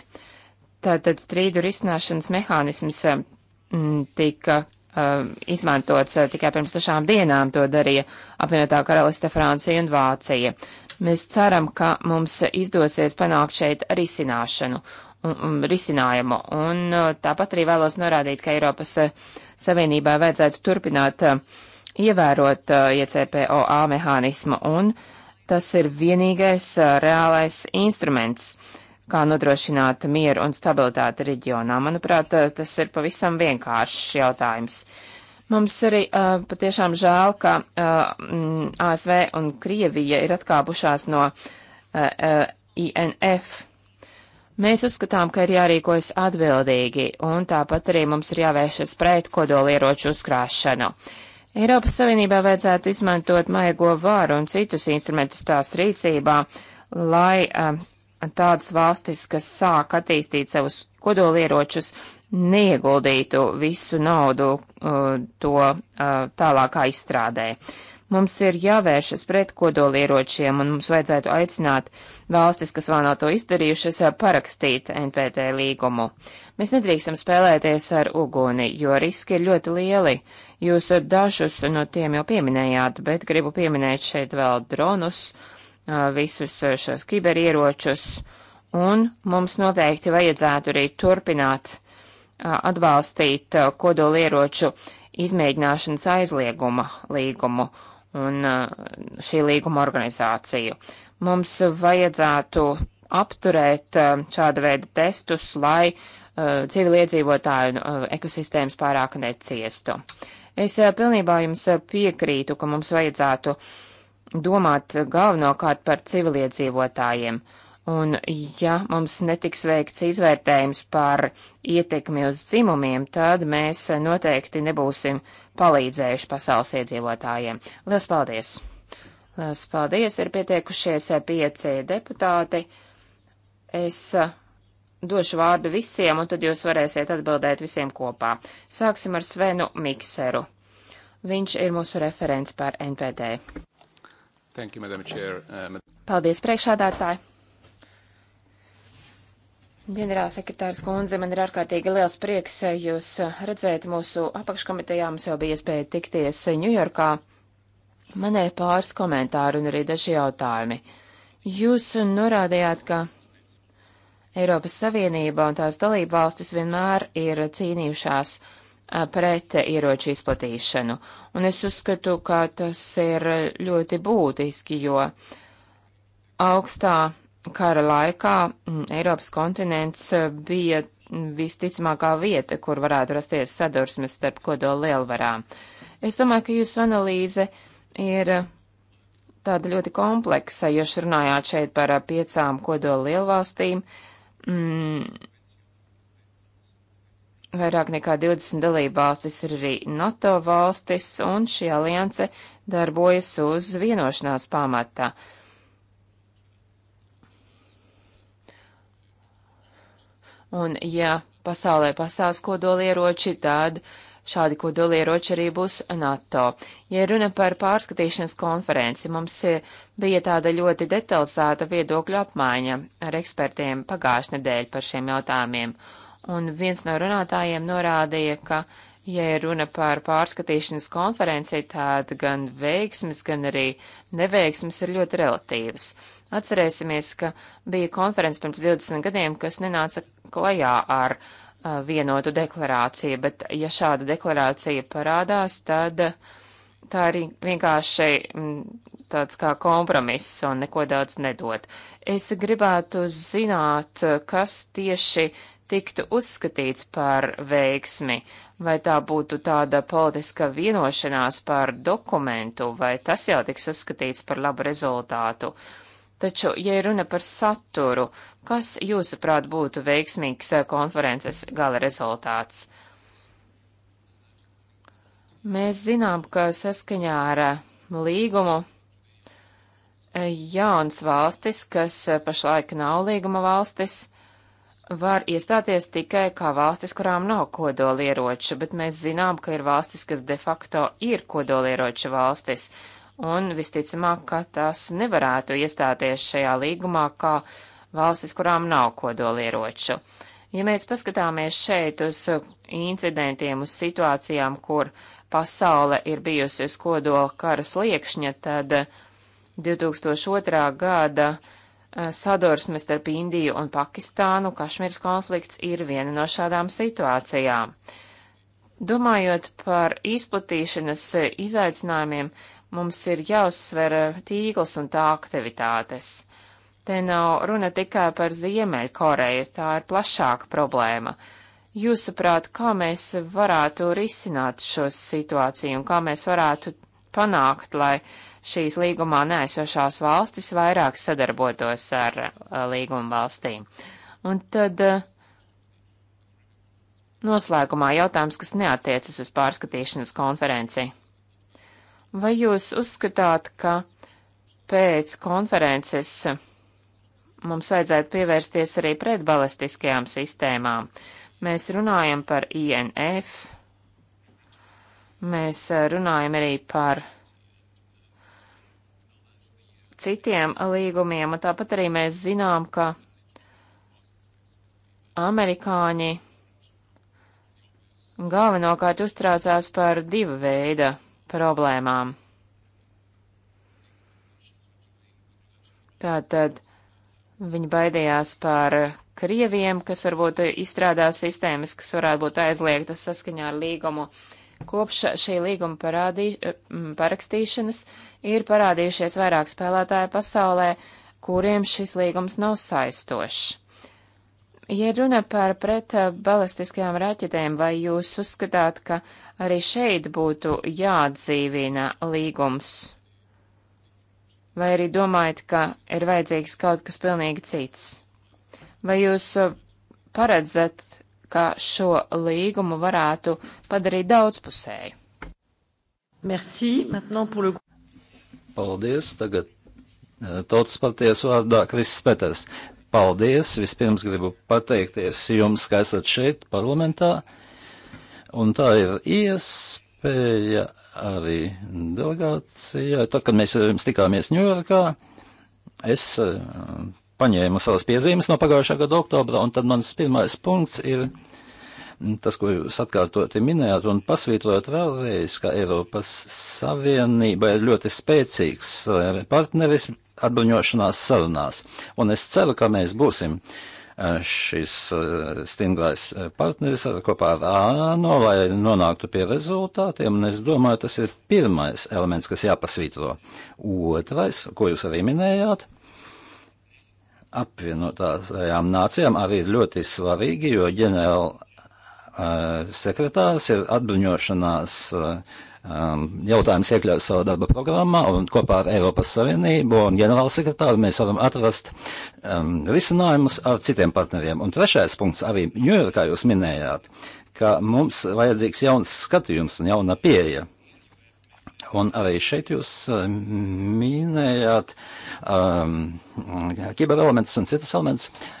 Tātad strīdu risināšanas mehānisms um, tika um, izmantots uh, tikai pirms dažām dienām, to darīja apvienotā karaliste Francija un Vācija. Mēs ceram, ka mums izdosies panākt šeit risināšanu, un, un, risinājumu, un uh, tāpat arī vēlos norādīt, ka Eiropas uh, Savienībā vajadzētu turpināt uh, ievērot uh, ICPOA mehānismu un uh, Tas ir vienīgais reālais instruments, kā nodrošināt mieru un stabilitāti reģionā. Manuprāt, tas ir pavisam vienkāršs jautājums. Mums arī uh, patiešām žēl, ka uh, mm, ASV un Krievija ir atkāpušās no uh, uh, INF. Mēs uzskatām, ka ir jārīkojas atbildīgi, un tāpat arī mums ir jāvēršas pret kodolieroču uzkrāšanu. Uh, Eiropas Savienībā vajadzētu izmantot maigo vāru un citus instrumentus tās rīcībā, lai um, tādas valstis, kas sāk attīstīt savus kodolieročus, neieguldītu visu naudu uh, to uh, tālākā izstrādē. Mums ir jāvēršas pret kodolieročiem, un mums vajadzētu aicināt valstis, kas vēl nav to izdarījušas, parakstīt NPT līgumu. Mēs nedrīkstam spēlēties ar uguni, jo riski ir ļoti lieli. Jūs dažus no tiem jau pieminējāt, bet gribu pieminēt šeit vēl dronus, visus šos kiberieročus, un mums noteikti vajadzētu arī turpināt atbalstīt kodolieroču izmēģināšanas aizlieguma līgumu un uh, šī līguma organizāciju. Mums vajadzētu apturēt uh, šāda veida testus, lai uh, civiliedzīvotāju ekosistēmas pārāk neciestu. Es pilnībā jums piekrītu, ka mums vajadzētu domāt galvenokārt par civiliedzīvotājiem. Un, ja mums netiks veikts izvērtējums par ietekmi uz dzimumiem, tad mēs noteikti nebūsim palīdzējuši pasaules iedzīvotājiem. Lielas paldies! Lielas paldies! Ir pieteikušies eh, pieci deputāti. Es eh, došu vārdu visiem, un tad jūs varēsiet atbildēt visiem kopā. Sāksim ar Svenu Mikseru. Viņš ir mūsu referents par NPD. Thank you, Madam Chair. Uh, Paldies, priekšādātāji! Ģenerālsekretārs Kundze, man ir ārkārtīgi liels prieks eh, jūs eh, redzēt mūsu apakškomitejā. Mums jau bija iespēja tikties eh, Ņujorkā. Man ir pāris komentāru un arī daži jautājumi. Jūs norādījāt, ka Eiropas Savienība un tās dalība valstis vienmēr ir cīnījušās pret ieroču izplatīšanu. Un es uzskatu, ka tas ir ļoti būtiski, jo augstā kara laikā mm, Eiropas kontinents eh, bija mm, visticamākā vieta, kur varētu rasties sadursmes starp kodola lielvarām. Es domāju, ka jūsu analīze ir eh, tāda ļoti kompleksa, jo jūs runājāt šeit par eh, piecām kodola lielvalstīm. Mm, vairāk nekā 20 dalībvalstis ir arī NATO valstis, un šī alianse darbojas uz vienošanās pamatā. Uh, Un, ja pasaulē pastāv kodolieroči, tad šādi kodolieroči arī būs NATO. Ja runa par pārskatīšanas konferenci, mums bija tāda ļoti detalizēta viedokļu apmaiņa ar ekspertiem pagājušajā nedēļā par šiem jautājumiem. Un viens no runātājiem norādīja, ka, ja runa par pārskatīšanas konferenci, tad gan veiksmes, gan arī neveiksmes ir ļoti relatīvas. Atcerēsimies, ka bija konference pirms 20 gadiem, kas nenāca klajā ar uh, vienotu deklarāciju, bet ja šāda deklarācija parādās, tad uh, tā arī vienkārši mm, tāds kā kompromiss un neko daudz nedod. Es gribētu zināt, uh, kas tieši tiktu uzskatīts par veiksmi, vai tā būtu tāda politiska vienošanās par dokumentu, vai tas jau tiks uzskatīts par labu rezultātu. Uh, Taču, ja runa par saturu, kas jūsuprāt būtu veiksmīgs eh, konferences gala rezultāts? Mēs zinām, ka saskaņā ar eh, līgumu eh, jauns valstis, kas pašlaik nav līguma valstis, var iestāties tikai kā valstis, kurām nav kodolieroča, bet mēs zinām, ka ir valstis, kas de facto ir kodolieroča valstis un visticamāk, ka tās nevarētu iestāties šajā līgumā kā valstis, kurām nav kodolieroču. Ja mēs paskatāmies šeit uz incidentiem, uz situācijām, kur pasaule ir bijusi uz kodola karas liekšņa, tad 2002. gada e, sadursmes starp Indiju un Pakistānu Kašmīras konflikts ir viena no šādām situācijām. Domājot par izplatīšanas e, izaicinājumiem, uh, Mums ir jāuzsver eh, tīkls un tā aktivitātes. Te nav runa tikai par Ziemeļkoreju, tā ir plašāka problēma. Jūsuprāt, kā mēs varētu risināt šo situāciju un kā mēs varētu panākt, lai šīs līgumā neaizsošās valstis vairāk sadarbotos ar eh, līguma valstīm? Un tad eh, noslēgumā jautājums, kas neatiecas uz pārskatīšanas konferenci. Vai jūs uzskatāt, ka pēc konferences mums vajadzētu pievērsties arī pretbalistiskajām sistēmām? Mēs runājam par INF, mēs eh, runājam arī par citiem līgumiem, un tāpat arī mēs zinām, ka amerikāņi galvenokārt uztraucās par divu veidu problēmām. Tātad viņi baidījās par krieviem, kas varbūt izstrādā sistēmas, kas varētu būt aizliegtas saskaņā ar līgumu. Kopš šī līguma parādī, parakstīšanas ir parādījušies vairāk spēlētāju pasaulē, kuriem šis līgums nav saistošs. Ja runa par pretbalistiskajām eh, raķetēm, vai jūs uzskatāt, ka arī šeit būtu jāatdzīvina līgums? Vai arī domājat, ka ir vajadzīgs kaut kas pilnīgi cits? Vai jūs eh, paredzat, ka šo līgumu varētu padarīt daudzpusēju? Merci, maintenant pour le. Paldies, tagad eh, Tautas partijas vārdā Kristis Peters. Paldies! Vispirms gribu pateikties jums, ka esat šeit parlamentā, un tā ir iespēja arī delegācijā. Tad, kad mēs jums tikāmies Ņujorkā, es eh, paņēmu savas piezīmes no pagājušā gada oktobra, un tad mans pirmais punkts ir tas, ko jūs atkārtoti minējāt un pasvītrojot vēlreiz, ka Eiropas Savienība ir ļoti spēcīgs eh, partneris atbruņošanās sarunās. Un es ceru, ka mēs būsim eh, šis eh, stingrais partneris kopā ar ANO, lai nonāktu pie rezultātiem, un es domāju, tas ir pirmais elements, kas jāpasvītro. Otrais, ko jūs arī minējāt, apvienotās nācijām arī ir ļoti svarīgi, jo ģenerāla Eh, sekretārs ir atbruņošanās eh, um, jautājums iekļauts savā darba programmā, un kopā ar Eiropas Savienību un ģenerālsekretāru mēs varam atrast um, risinājumus ar citiem partneriem. Un trešais punkts arī Ņujorkā jūs minējāt, ka mums vajadzīgs jauns skatījums un jauna pieeja. Un arī šeit jūs eh, minējāt um, kiberelementus un citus elementus. Uh,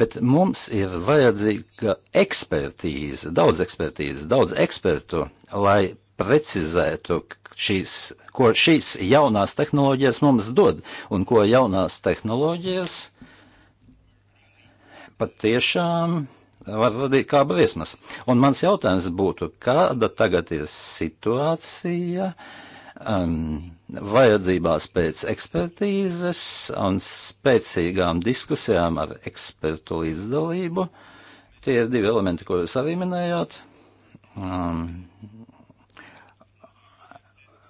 bet mums ir vajadzīga ekspertīze, daudz ekspertīzes, daudz ekspertu, lai precizētu, šīs, ko šīs jaunās tehnoloģijas mums dod un ko jaunās tehnoloģijas patiešām var radīt kā briesmas. Un mans jautājums būtu, kāda tagad ir situācija? Uh, um, vajadzībās pēc ekspertīzes un spēcīgām diskusijām ar ekspertu līdzdalību. Tie ir divi elementi, ko jūs arī minējāt. Um,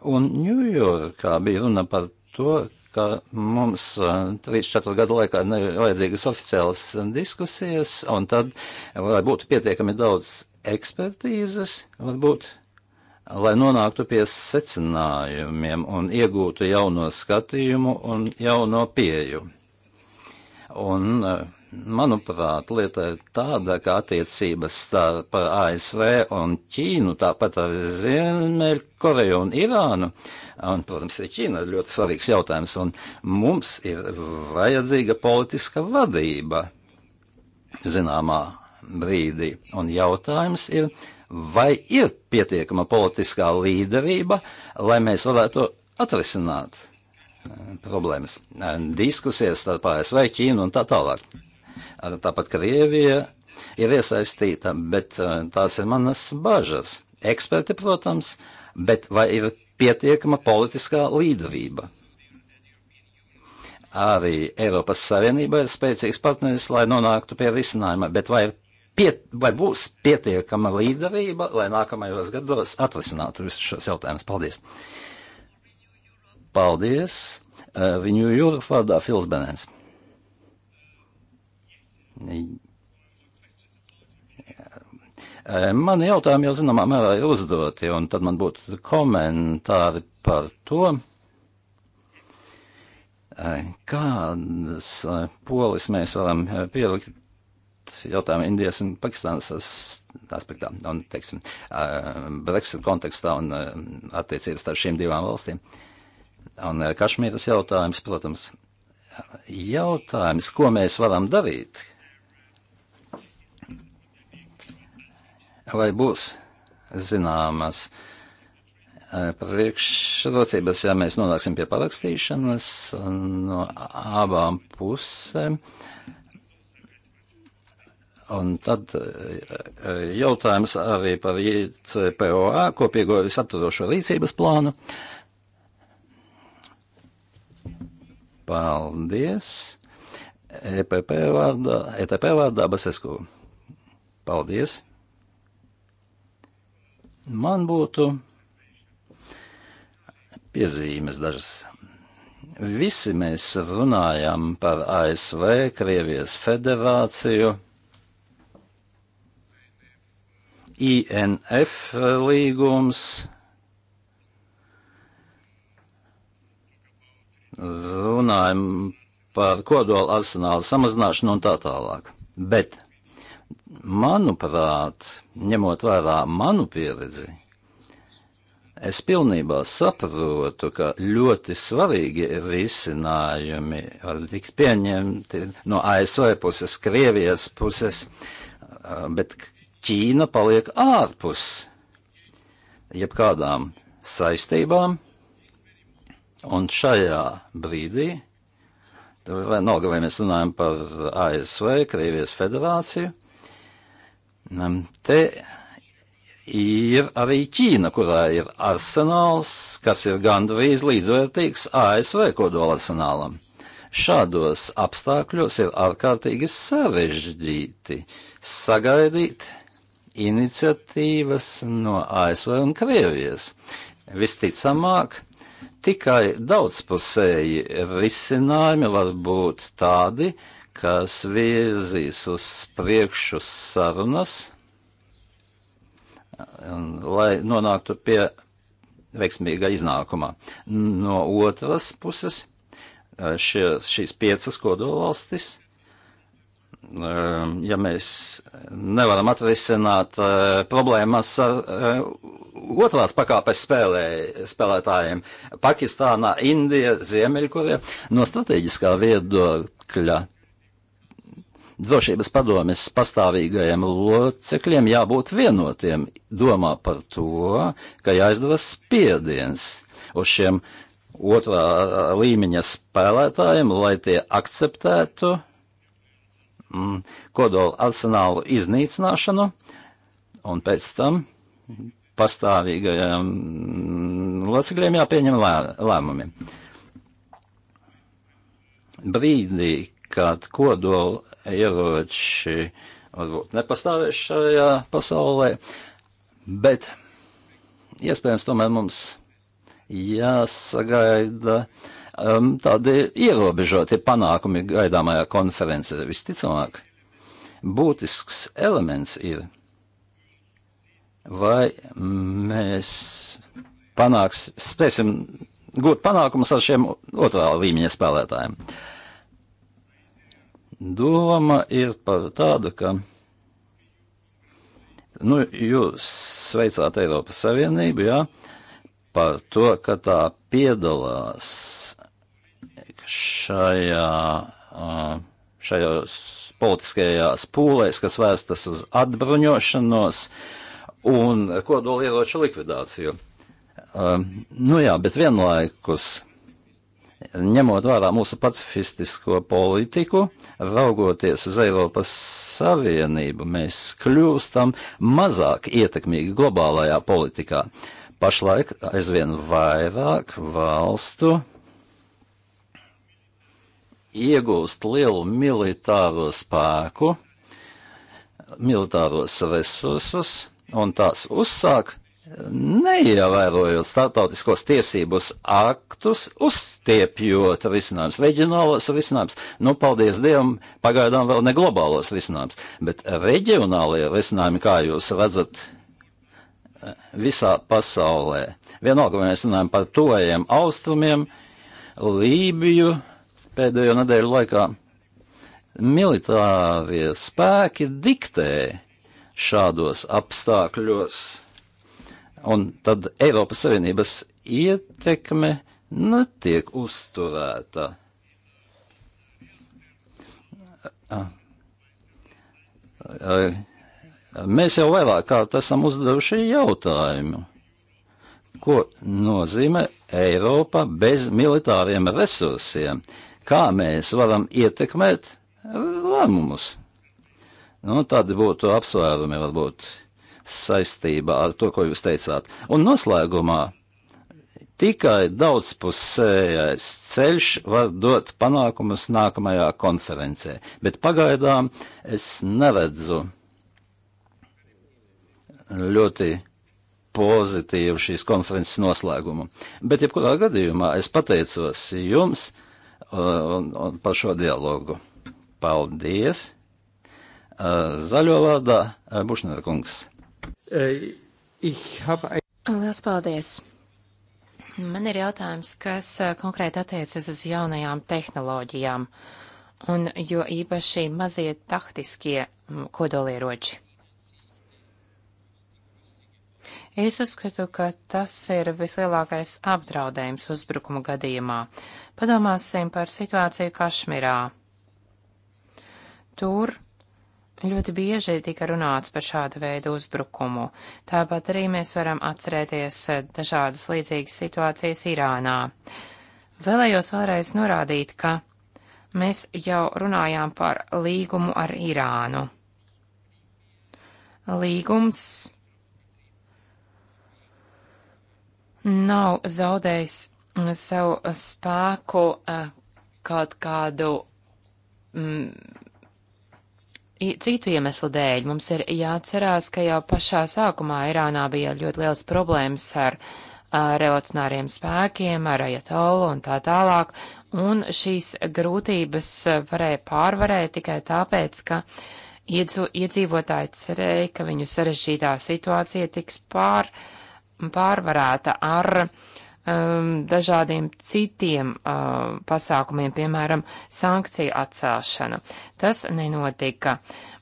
un Ņujorkā bija runa par to, ka mums 3-4 uh, gadu laikā ir vajadzīgas oficiālas diskusijas, un tad, lai būtu pietiekami daudz ekspertīzes, varbūt lai nonāktu pie secinājumiem un iegūtu jauno skatījumu un jauno pieju. Un, eh, manuprāt, lieta ir tāda, ka attiecības starp ASV un Ķīnu, tāpat ar Ziemeļkoreju un Irānu, un, protams, arī Ķīna ir ļoti svarīgs jautājums, un mums ir vajadzīga politiska vadība zināmā brīdī. Un jautājums ir, vai ir pietiekama politiskā līderība, lai mēs varētu atrisināt eh, problēmas, eh, diskusijas starp ASV, Ķīnu un tā tālāk. Tāpat Krievija ir iesaistīta, bet eh, tās ir manas bažas. Eksperti, protams, bet vai ir pietiekama politiskā līderība? Arī Eiropas Savienība ir spēcīgs partneris, lai nonāktu pie risinājuma, bet vai ir piet, vai būs pietiekama līderība, lai nākamajos gados atrisinātu visus šos jautājumus. Paldies! Paldies! Eh, viņu jūra vārdā Fils Benens. Eh, mani jautājumi jau zināmā mērā ir uzdoti, un tad man būtu komentāri par to, eh, kādas polis mēs varam pielikt jautājumu Indijas un Pakistānas aspektā un, teiksim, Brexit kontekstā un attiecības starp šīm divām valstīm. Un Kašmīras jautājums, protams, jautājums, ko mēs varam darīt, vai būs zināmas priekšrocības, ja mēs nonāksim pie parakstīšanas no abām pusēm. Uh, Un tad e, e, jautājums arī par ICPOA kopīgo visaptvarošo rīcības plānu. Paldies! EPP vārdā, ETP vārdā Basesku. Paldies! Man būtu piezīmes dažas. Visi mēs runājam par ASV, Krievijas federāciju INF eh, līgums. Runājam par kodolu arsenālu samazināšanu un tā tālāk. Bet, manuprāt, ņemot vērā manu pieredzi, Es pilnībā saprotu, ka ļoti svarīgi risinājumi var tikt pieņemti no ASV puses, Krievijas puses, eh, bet Ķīna paliek ārpus jebkādām saistībām, un šajā brīdī, vai no, vai mēs runājam par ASV, Krievijas federāciju, mm, te ir arī Ķīna, kurā ir arsenāls, kas ir gandrīz līdzvērtīgs ASV kodolarsenālam. Šādos apstākļos ir ārkārtīgi sarežģīti sagaidīt iniciatīvas no ASV un Krievijas. Visticamāk, tikai daudzpusēji risinājumi var būt tādi, kas virzīs uz priekšu sarunas, lai nonāktu pie veiksmīga iznākumā. No otras puses, šie, šīs piecas kodolvalstis Ehm, ja mēs nevaram atrisināt e, problēmas ar e, otrās pakāpes spēlē, spēlētājiem - Pakistānā, Indija, Ziemeļkorie, no strateģiskā viedokļa drošības padomjas pastāvīgajiem locekļiem jābūt vienotiem, domā par to, ka jāizdara spiediens uz šiem otrā līmeņa spēlētājiem, lai tie akceptētu mm, kodola arsenālu iznīcināšanu un pēc tam pastāvīgajiem locekļiem jāpieņem lē, lēmumi. Brīdī, kad kodola ieroči varbūt nepastāvēs šajā pasaulē, bet iespējams tomēr mums jāsagaida uh, um, tādi ierobežoti panākumi gaidāmajā konferencē visticamāk. Būtisks elements ir, vai mēs panāks, spēsim gūt panākumus ar šiem otrā līmeņa spēlētājiem. Doma ir par tādu, ka nu, jūs sveicāt Eiropas Savienību, jā, par to, ka tā piedalās šajā, šajos politiskajās pūlēs, kas vērstas uz atbruņošanos un kodolieroču likvidāciju. Nu jā, bet vienlaikus ņemot vērā mūsu pacifistisko politiku, raugoties uz Eiropas Savienību, mēs kļūstam mazāk ietekmīgi globālajā politikā. Pašlaik aizvien vairāk valstu iegūst lielu militāro spēku, militāros resursus un tās uzsāk, neievērojot startautiskos tiesības aktus, uzstiepjot risinājums, reģionālos risinājums. Nu, paldies Dievam, pagaidām vēl ne globālos risinājums, bet reģionālie risinājumi, kā jūs redzat, visā pasaulē. Vienalga, vai mēs runājam par tojiem austrumiem, Lībiju, pēdējo nedēļu laikā. Militārie spēki diktē šādos apstākļos, un tad Eiropas Savienības ietekme netiek uzturēta. Ah. Mēs jau vairāk kārt esam uzdevuši jautājumu, ko nozīmē Eiropa bez militāriem resursiem. Uh, kā mēs varam ietekmēt lēmumus. Nu, tādi būtu apsvērumi varbūt saistībā ar to, ko jūs teicāt. Un noslēgumā tikai daudzpusējais ceļš var dot panākumus nākamajā konferencē, bet pagaidām es neredzu ļoti pozitīvu šīs konferences noslēgumu. Bet, jebkurā gadījumā, es pateicos jums, un, un par šo dialogu. Paldies! Eh, zaļo vārdā eh, Bušner kungs. Eh, Lielas paldies! Man ir jautājums, kas konkrēti attiecas uz jaunajām tehnoloģijām un jo īpaši mazie taktiskie mm, kodolieroči. Es uzskatu, ka tas ir vislielākais apdraudējums uzbrukuma gadījumā. Padomāsim par situāciju Kašmirā. Tur ļoti bieži tika runāts par šādu veidu uzbrukumu. Tāpat arī mēs varam atcerēties dažādas līdzīgas situācijas Irānā. Vēlējos vēlreiz norādīt, ka mēs jau runājām par līgumu ar Irānu. Līgums nav zaudējis mm, savu eh, spēku eh, kaut kādu mm, citu iemeslu dēļ. Mums ir jāatcerās, ka jau pašā sākumā Irānā bija ļoti liels problēmas ar, ar eh, revolucionāriem spēkiem, ar ajatolu un tā tālāk, un šīs grūtības varēja pārvarēt tikai tāpēc, ka iedzīvotāji cerēja, ka viņu sarežģītā situācija tiks pārvarēta pārvarēta ar um, dažādiem citiem uh, pasākumiem, piemēram, sankciju atcelšanu. Tas nenotika.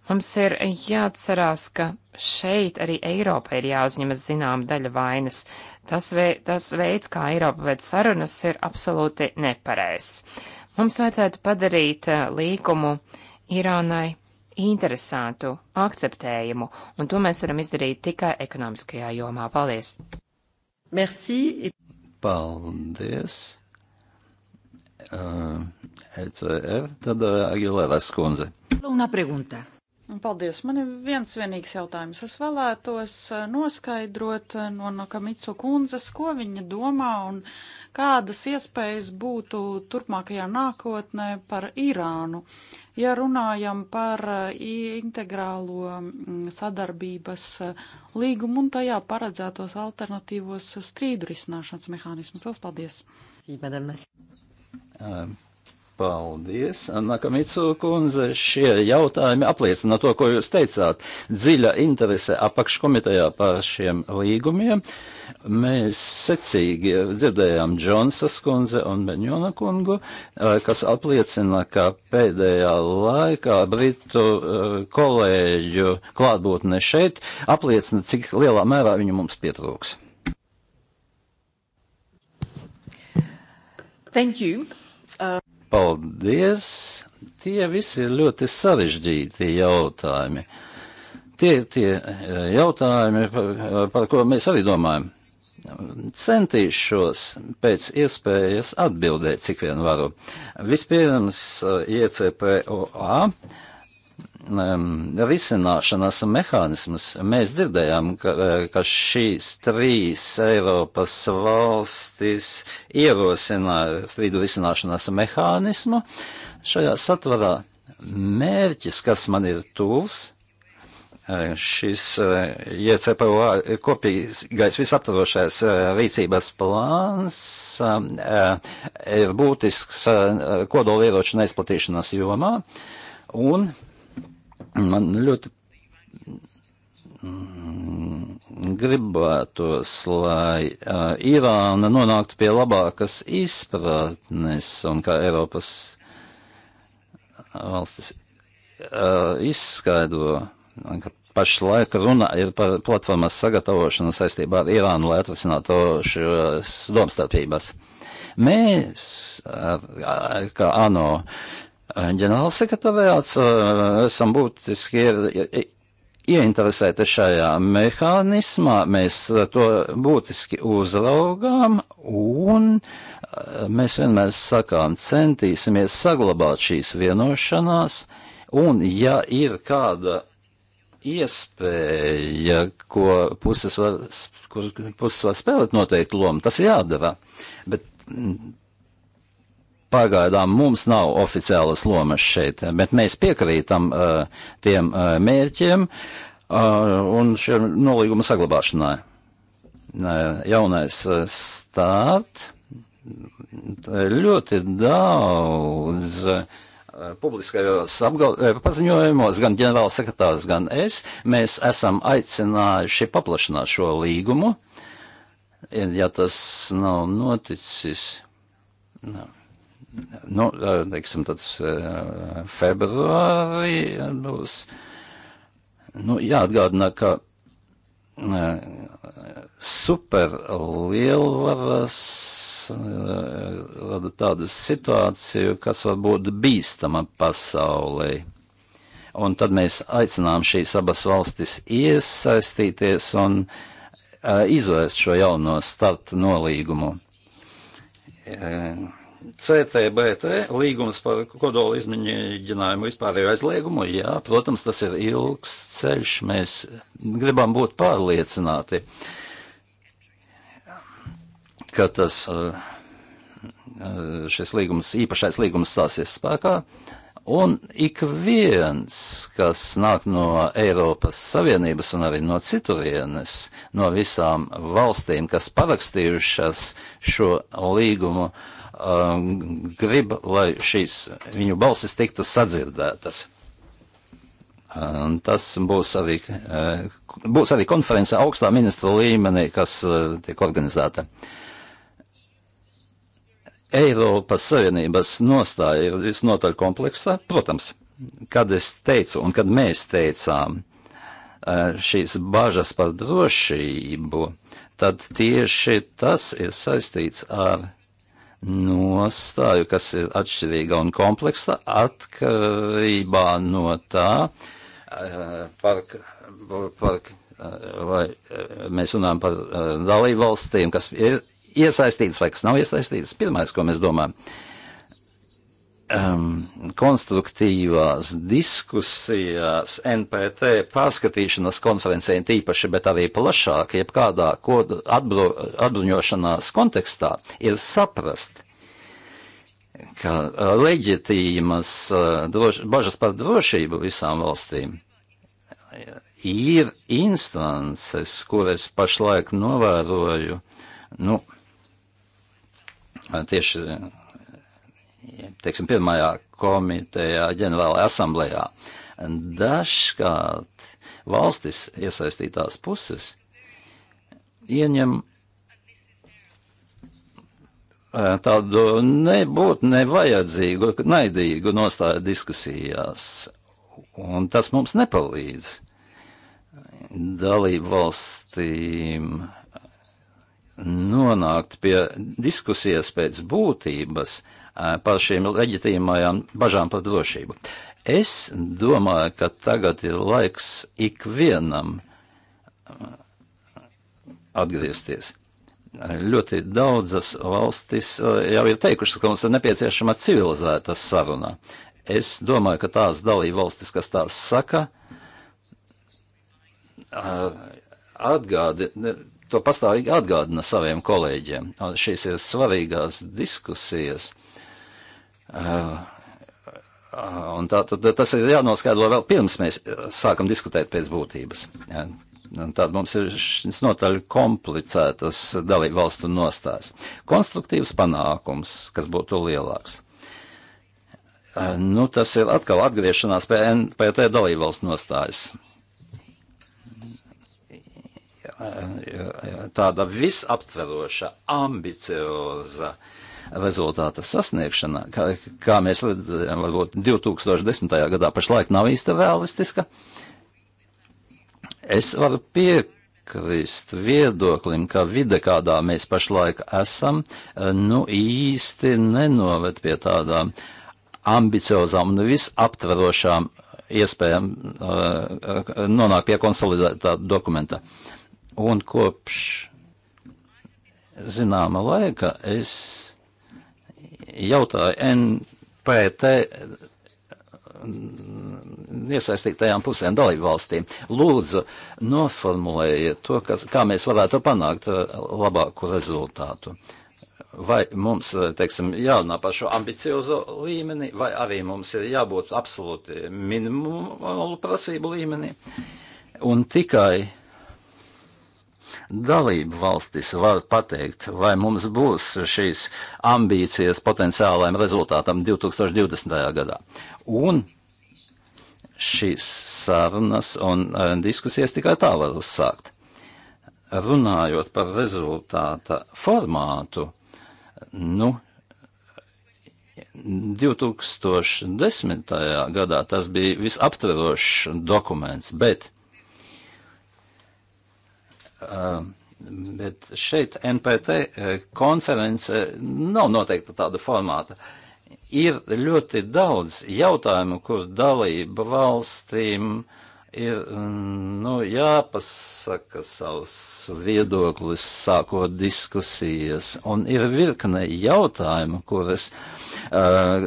Mums ir jāatcerās, ka šeit arī Eiropa ir jāuzņemas zinām daļa vainas. Tas, vei, tas veids, kā Eiropa veids sarunas, ir absolūti nepareizs. Mums vajadzētu padarīt uh, līkumu Irānai interesantu, akceptējumu, un to mēs varam izdarīt tikai ekonomiskajā jomā. Paldies! Merci! Paldies! Uh, eh, ECF, tad uh, eh, Agilēlas kundze. Lūna pregunta. Paldies. Man ir viens vienīgs jautājums. Es vēlētos eh, noskaidrot no Nakamitsu kundzes, ko viņa domā un Kādas iespējas būtu turpmākajā nākotnē par Irānu? Ja runājam par e, integrālo sadarbības e, līgumu un tajā paredzētos alternatīvos strīdu risināšanas mehānismus. Lielas paldies! Uh, Paldies, Nakamicu kundze. Šie jautājumi apliecina to, ko jūs teicāt. Dziļa interese apakškomitejā par šiem līgumiem. Mēs secīgi dzirdējām Džonsas kundze un Beņona kungu, eh, kas apliecina, ka pēdējā laikā Britu eh, kolēģu klātbūtne šeit apliecina, cik lielā mērā viņu mums pietrūks. Thank you. Uh paldies! Tie visi ir ļoti sarežģīti jautājumi. Tie ir tie eh, jautājumi, par, eh, par ko mēs arī domājam. Centīšos pēc iespējas atbildēt, cik vien varu. Vispirms eh, ICPOA. Uh, um, risināšanas mehānisms. Mēs dzirdējām, ka, e, ka šīs trīs Eiropas valstis ierosināja strīdu risināšanas mehānismu. Šajā satvarā mērķis, kas man ir tūls, e, šis JCPOA e, kopīgais visaptvarošais rīcības plāns ir būtisks kodolieroču neizplatīšanas jomā. Un Man ļoti mm, gribētos, lai uh, Irāna nonāktu pie labākas izpratnes un kā Eiropas valstis uh, izskaidro, ka pašlaik runa ir par platformas sagatavošanu saistībā ar Irānu, lai atrisinātu šīs domstarpības. Mēs, kā ANO, ģenerālsekretariāts, esam būtiski ir, ieinteresēti šajā mehānismā, mēs to būtiski uzraugām un e, mēs vienmēr sakām, centīsimies saglabāt šīs vienošanās un ja ir kāda iespēja, ko puses var, puses var spēlēt noteikti lomu, tas jādara. Bet Pagaidām mums nav oficiālas lomas šeit, bet mēs piekrītam uh, tiem uh, mērķiem uh, un šiem nolīguma saglabāšanai. Uh, jaunais uh, stāt ļoti daudz. Uh, publiskajos eh, paziņojumos, gan ģenerālsekretārs, gan es, mēs esam aicinājuši paplašināt šo līgumu. Ja tas nav noticis, nav nu, teiksim, tāds februārī būs. Nu, jāatgādina, ka superlielvaras rada tādu situāciju, kas var būt bīstama pasaulē. Un tad mēs aicinām šīs abas valstis iesaistīties un uh, izvērst šo jauno startu nolīgumu. Uh, CTBT līgums par kodola izmēģinājumu vispārējo aizliegumu, jā, protams, tas ir ilgs ceļš, mēs gribam būt pārliecināti, ka tas, uh, uh, šis līgums, īpašais līgums stāsies spēkā. Un ik viens, kas nāk no Eiropas Savienības un arī no citurienes, no visām valstīm, kas parakstījušas šo līgumu, uh, um, grib, lai šīs viņu balsis tiktu sadzirdētas. Um, tas būs arī, uh, būs arī konference augstā ministra līmenī, kas uh, tiek organizēta. Eiropas Savienības nostāja ir visnotaļ kompleksā, protams, kad es teicu un kad mēs teicām uh, šīs bažas par drošību, tad tieši tas ir saistīts ar nostāju, kas ir atšķirīga un kompleksa atkarībā no tā, par, eh, par, eh, vai eh, mēs runājam par dalību valstīm, kas ir iesaistītas vai kas nav iesaistītas. Pirmais, ko mēs domājam, ir um, konstruktīvās diskusijās NPT pārskatīšanas konferencē tīpaši, bet arī plašāk, jebkādā atbru, atbruņošanās kontekstā, ir saprast, ka leģitīmas uh, droš, bažas par drošību visām valstīm ir instances, kuras pašlaik novēroju, nu, tieši teiksim, pirmajā komitejā, ģenerālajā asamblējā. Dažkārt valstis iesaistītās puses ieņem e, tādu nebūtu nevajadzīgu, naidīgu nostāju diskusijās, un tas mums nepalīdz dalību valstīm nonākt pie diskusijas pēc būtības, par šīm leģitīmajām bažām par drošību. Es domāju, ka tagad ir laiks ikvienam atgriezties. Ļoti daudzas valstis jau ir teikušas, ka mums ir nepieciešama civilizēta saruna. Es domāju, ka tās dalība valstis, kas tās saka, atgādi, to pastāvīgi atgādina saviem kolēģiem. Šīs ir svarīgās diskusijas Uh, un tā, tad, tas ir jānoskaidro vēl pirms mēs uh, sākam diskutēt pēc būtības. Tāda mums ir šis notaļ komplicētas dalību valstu nostājas. Konstruktīvs panākums, kas būtu lielāks. Uh, nu, tas ir atkal atgriešanās pie NPT dalību valstu nostājas tāda visaptveroša, ambicioza uh, rezultāta sasniegšana, kā, kā mēs redzam, varbūt 2010. gadā pašlaik nav īsti realistiska. Es varu piekrist viedoklim, ka vide, kādā mēs pašlaik esam, nu īsti nenoved pie tādām ambiciozām un visaptverošām iespējām uh, nonākt pie konsolidētā dokumenta. Un kopš zināma laika es jautāja NPT mm, iesaistītajām pusēm, dalību valstīm. Lūdzu, noformulējiet to, kas, kā mēs varētu panākt eh, labāku rezultātu. Vai mums, eh, teiksim, jārunā par šo ambiciozo līmeni, vai arī mums ir jābūt absolūti minimumu prasību līmenī. Un tikai Dalību valstis var pateikt, vai mums būs šīs ambīcijas potenciālajam rezultātam 2020. gadā. Un šīs sarunas un e, diskusijas tikai tā var uzsākt. Runājot par rezultāta formātu, nu, 2010. gadā tas bija visaptverošs dokuments, bet Um, bet šeit NPT uh, konference nav noteikta tāda formāta. Ir ļoti daudz jautājumu, kur dalība valstīm ir mm, nu, jāpasaka savs viedoklis, sākot diskusijas, un ir virkne jautājumu, kuras. Es Eh,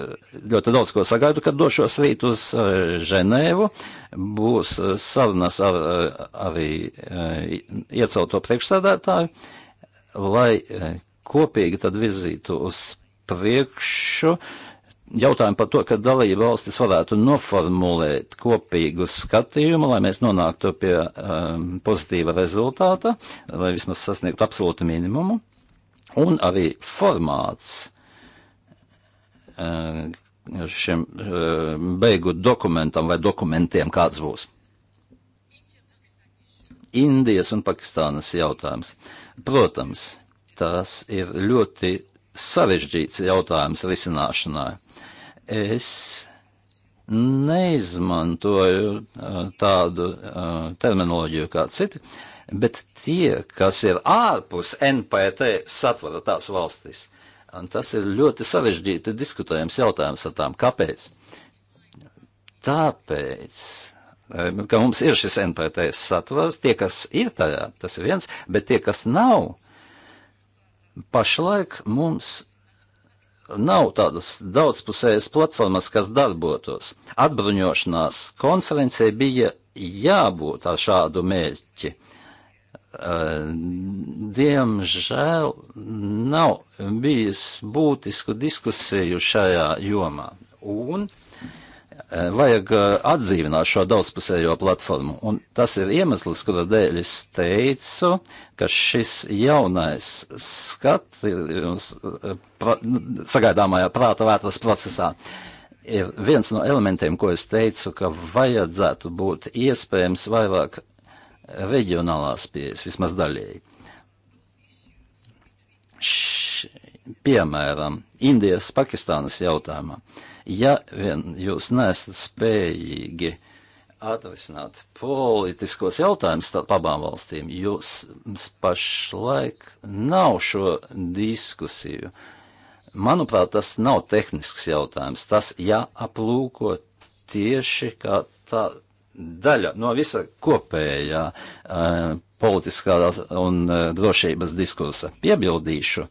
ļoti daudz ko sagaidu, kad došos rīt uz eh, Ženēvu. Būs eh, sarunas ar arī iecelto priekšsēdētāju, lai kopīgi tad virzītu uz priekšu jautājumu par to, ka dalība valstis varētu noformulēt kopīgu skatījumu, lai mēs nonāktu pie um, pozitīva rezultāta, vai vismaz sasniegtu absolūtu minimumu, un arī formāts Uh, šiem uh, beigu dokumentam vai dokumentiem kāds būs. Indijas un Pakistānas jautājums. Protams, tas ir ļoti sarežģīts jautājums risināšanai. Es neizmantoju uh, tādu terminoloģiju kā citi, bet tie, kas ir ārpus NPT satvara tās valstis, Un tas ir ļoti sarežģīti diskutējams jautājums ar tām. Kāpēc? Tāpēc, eh, nu, ka mums ir šis NPT satvars, tie, kas ir tajā, tas ir viens, bet tie, kas nav, pašlaik mums nav tādas daudzpusējas platformas, kas darbotos. Atbruņošanās konferencē bija jābūt ar šādu mērķi. Eh, diemžēl nav bijis būtisku diskusiju šajā jomā. Un eh, vajag eh, atdzīvināt šo daudzpusējo platformu. Un tas ir iemesls, kura dēļ es teicu, ka šis jaunais skatījums pra, sagaidāmajā prāta vērtas procesā ir viens no elementiem, ko es teicu, ka vajadzētu būt iespējams vairāk reģionālās pieejas, vismaz daļēji. Š, piemēram, Indijas, Pakistānas jautājumā, ja vien jūs nesat spējīgi atrisināt politiskos jautājumus starp abām valstīm, jūs pašlaik nav šo diskusiju. Manuprāt, tas nav tehnisks jautājums. Tas jāaplūko tieši kā tā, daļa no visa kopējā uh, eh, politiskā un uh, drošības diskursa. Piebildīšu,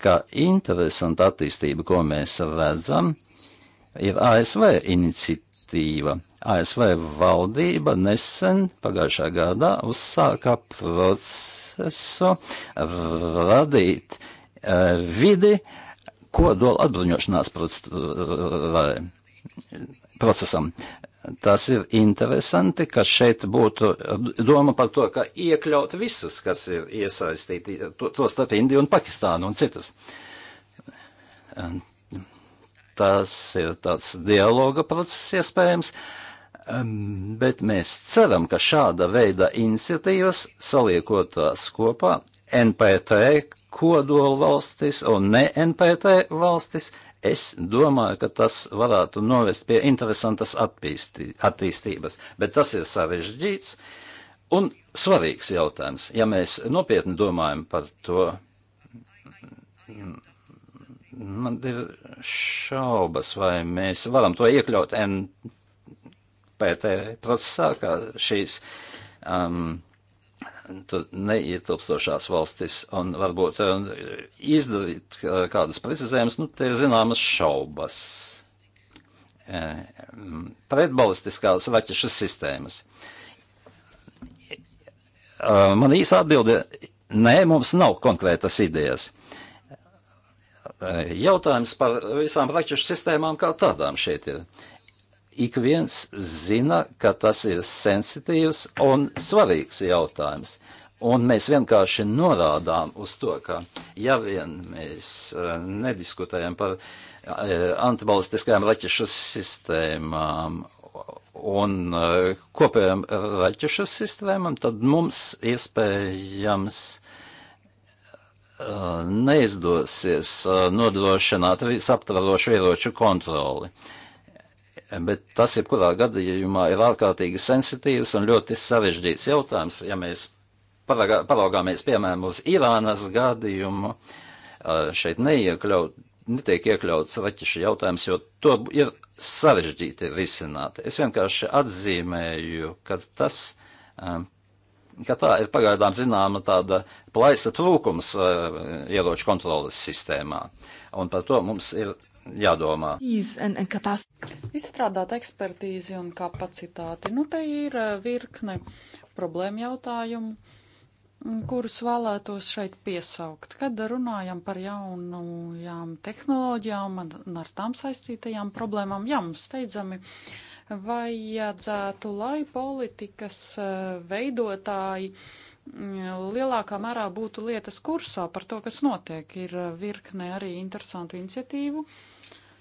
ka interesanta attīstība, ko mēs redzam, ir ASV iniciatīva. ASV valdība nesen pagājušā gadā uzsāka procesu radīt uh, vidi, ko dod atbruņošanās procesam. Tas ir interesanti, ka šeit būtu doma par to, ka iekļaut visus, kas ir iesaistīti, to, to starp Indiju un Pakistānu un citus. Tas ir tāds dialoga process iespējams, um, bet mēs ceram, ka šāda veida iniciatīvas saliekot tās kopā NPT kodola valstis un ne NPT valstis Es domāju, ka tas varētu novest pie interesantas attīstī, attīstības, bet tas ir sarežģīts un svarīgs jautājums. Ja mēs nopietni domājam par to, man ir šaubas, vai mēs varam to iekļaut NPT procesā, kā šīs um, neietilpstošās valstis un varbūt e, izdarīt e, kādas precizējumas, nu, te ir zināmas šaubas. E, Pretbalistiskās raķešu sistēmas. Man īsa atbilde - nē, mums nav konkrētas idejas. Jautājums par visām raķešu sistēmām kā tādām šeit ir ik viens zina, ka tas ir sensitīvs un svarīgs jautājums. Un mēs vienkārši norādām uz to, ka ja vien mēs uh, nediskutējam par uh, e, antibalistiskajām raķešu sistēmām un uh, kopējām raķešu sistēmām, tad mums iespējams neizdosies nodrošināt visaptvarošu ieroču kontroli. Bet tas, jebkurā gadījumā, ir ārkārtīgi sensitīvs un ļoti sarežģīts jautājums, ja mēs Palaugāmies, piemēram, uz Irānas gadījumu. Šeit neiekļaut, netiek iekļauts raķešu jautājums, jo to ir sarežģīti risināt. Es vienkārši atzīmēju, ka tas, ka tā ir pagaidām zināma tāda plaisa trūkums ieroču kontrolas sistēmā. Un par to mums ir jādomā. Izstrādāt ekspertīzi un kapacitāti. Nu, te ir virkne problēma jautājumu kurus vēlētos šeit piesaukt. Kad runājam par jaunajām tehnoloģijām un ar tām saistītajām problēmām, jā, mums steidzami vajadzētu, lai politikas eh, veidotāji mm, lielākā mērā būtu lietas kursā par to, kas notiek. Ir eh, virkne arī interesantu iniciatīvu.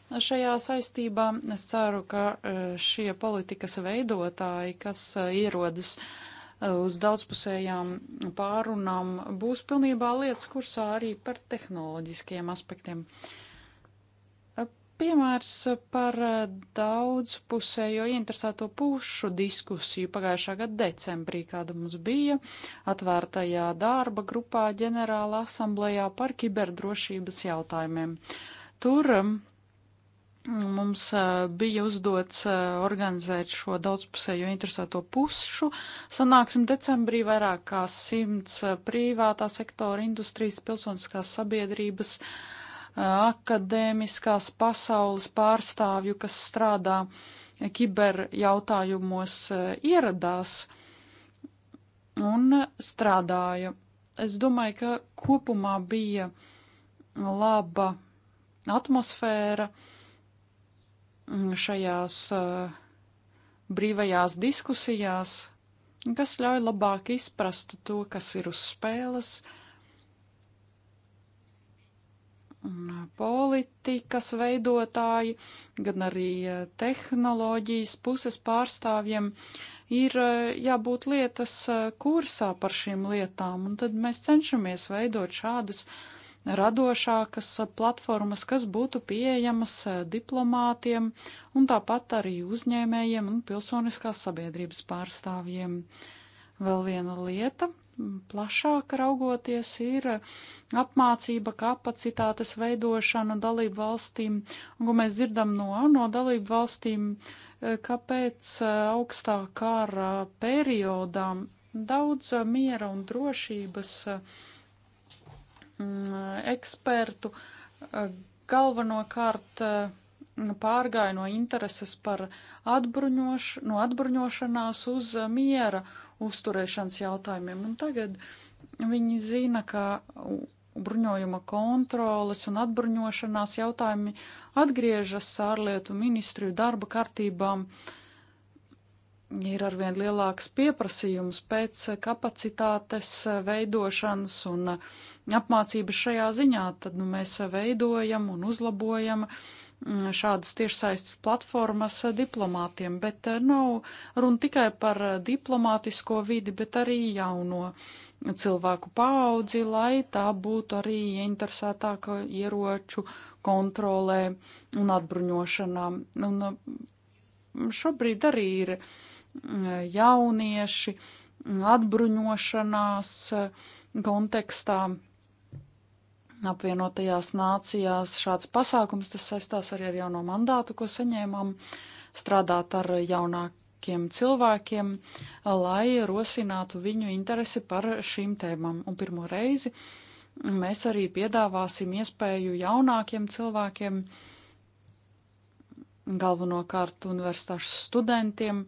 Šajā saistībā es ceru, ka eh, šie politikas veidotāji, kas ierodas uh, uz daudzpusējām pārunām būs pilnībā lietas kursā arī par tehnoloģiskiem aspektiem. Piemērs par daudzpusējo interesēto pušu diskusiju pagājušā gada decembrī, kāda mums bija atvērtajā darba grupā ģenerāla asamblējā par kiberdrošības jautājumiem. Tur um, Mums bija uzdots organizēt šo daudzpusējo interesēto pušu. Sanāksim decembrī vairāk kā simts privātā sektora industrijas, pilsoniskās sabiedrības, akadēmiskās pasaules pārstāvju, kas strādā kiber jautājumos, ieradās un strādāja. Es domāju, ka kopumā bija laba atmosfēra. Uh, šajās eh, brīvajās diskusijās, kas ļauj labāk izprast to, kas ir uz spēles, un eh, politikas veidotāji, gan arī eh, tehnoloģijas puses pārstāvjiem ir jābūt lietas kursā par šīm lietām, un tad mēs cenšamies veidot šādas uh, radošākas platformas, kas būtu pieejamas eh, diplomātiem un tāpat arī uzņēmējiem un pilsoniskās sabiedrības pārstāvjiem. Vēl viena lieta, plašāk raugoties, ir apmācība, kapacitātes veidošana dalību valstīm, un ko mēs dzirdam no, no dalību valstīm, eh, kāpēc eh, augstā kāra periodā daudz miera un drošības uh, Mm, ekspertu eh, galvenokārt eh, pārgāja no intereses par atbruņoš, no atbruņošanās uz eh, miera uzturēšanas jautājumiem. Un tagad viņi zina, ka bruņojuma kontroles un atbruņošanās jautājumi atgriežas ārlietu ministriju darba kārtībām uh, ir arvien lielāks pieprasījums pēc kapacitātes veidošanas un apmācības šajā ziņā, tad nu, mēs veidojam un uzlabojam mm, šādas tiešsaistes platformas diplomātiem, bet eh, nav runa tikai par diplomātisko vidi, bet arī jauno cilvēku paudzi, lai tā būtu arī ieinteresētāka ieroču kontrolē un atbruņošanā. Un mm, šobrīd arī ir jaunieši atbruņošanās kontekstā apvienotajās nācijās šāds pasākums, tas saistās arī ar jauno mandātu, ko saņēmām, strādāt ar jaunākiem cilvēkiem, lai rosinātu viņu interesi par šīm tēmām. Un pirmo reizi mēs arī piedāvāsim iespēju jaunākiem cilvēkiem uh, galvenokārt universitāšu studentiem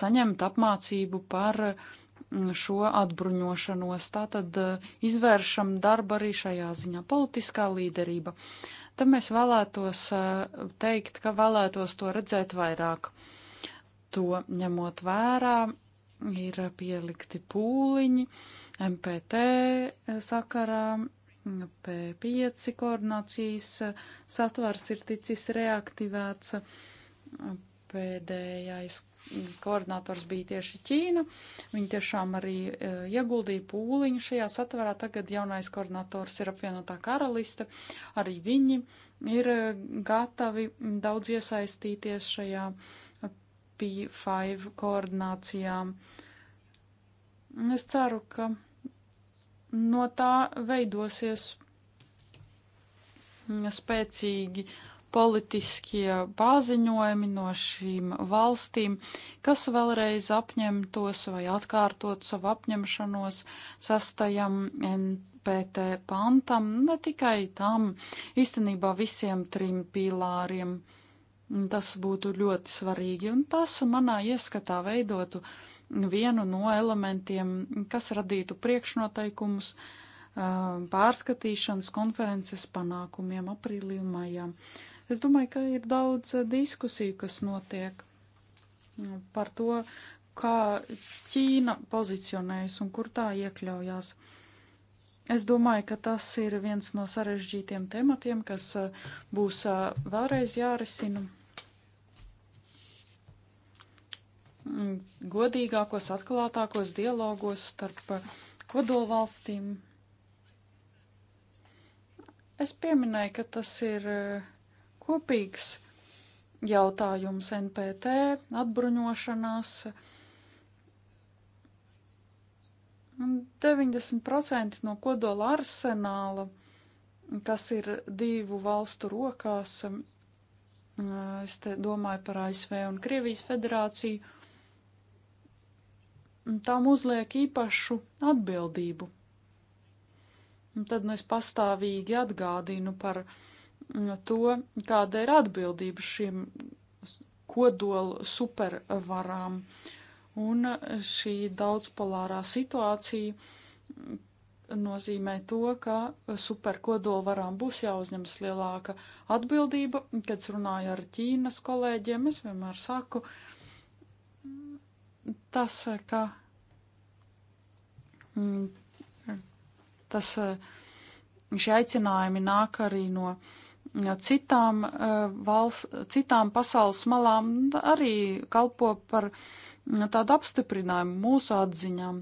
saņemt apmācību par mm, šo atbruņošanos. Tātad eh, izvēršam darbu arī šajā ziņā - politiskā līderība. Te mēs vēlētos eh, teikt, ka vēlētos to redzēt vairāk. To ņemot vērā, ir pielikti pūliņi MPT sakarā P5 koordinācijas satvars ir ticis reaktivēts. Pēdējais koordinators bija tieši Ķīna. Viņi tiešām arī e, ieguldīja pūliņu šajā satvarā. Tagad jaunais koordinators ir apvienotā karaliste. Arī viņi ir e, gatavi daudz iesaistīties šajā P5 koordinācijām. Es ceru, ka no tā veidosies mm, spēcīgi politiskie paziņojumi no šīm valstīm, kas vēlreiz apņemtos vai atkārtot savu apņemšanos sastajam NPT pantam, ne tikai tam, īstenībā visiem trim pīlāriem. Tas būtu ļoti svarīgi, un tas manā ieskatā veidotu uh, vienu no elementiem, kas radītu priekšnoteikumus pārskatīšanas konferences panākumiem aprīlī un maijā. Es domāju, ka ir daudz diskusiju, kas notiek par to, kā Ķīna pozicionējas un kur tā iekļaujās. Es domāju, ka tas ir viens no sarežģītiem tematiem, kas būs vēlreiz jārisina Mm, godīgākos, atklātākos dialogos starp eh, kodolvalstīm. Es pieminēju, ka tas ir eh, kopīgs jautājums NPT, atbruņošanās. 90% no kodola arsenāla, kas ir divu valstu rokās, mm, es te domāju par ASV un Krievijas federāciju, tām uzliek īpašu atbildību. Un tad nu, es pastāvīgi atgādinu par mm, to, kāda ir atbildība šiem kodola supervarām. Un šī daudzpolārā situācija mm, nozīmē to, ka superkodolvarām būs jāuzņemas lielāka atbildība. Kad es runāju ar Ķīnas kolēģiem, es vienmēr saku, uh, tas, ka mm, tas, eh, šie aicinājumi nāk arī no citām, eh, valsts, citām pasaules malām, arī kalpo par mm, tādu apstiprinājumu mūsu atziņām,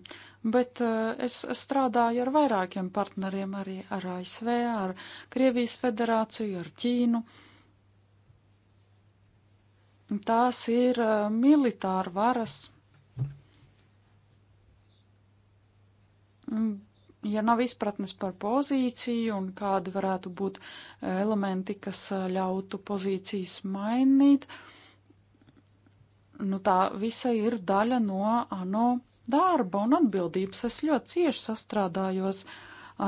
bet eh, es strādāju ar vairākiem partneriem, arī ar ASV, ar Krievijas federāciju, ar Ķīnu. Tās ir militāra varas Mm, ja nav izpratnes par pozīciju un kādi varētu būt eh, elementi, kas eh, ļautu pozīcijas mainīt, nu tā visa ir daļa no ANO darba un atbildības. Es ļoti cieši sastrādājos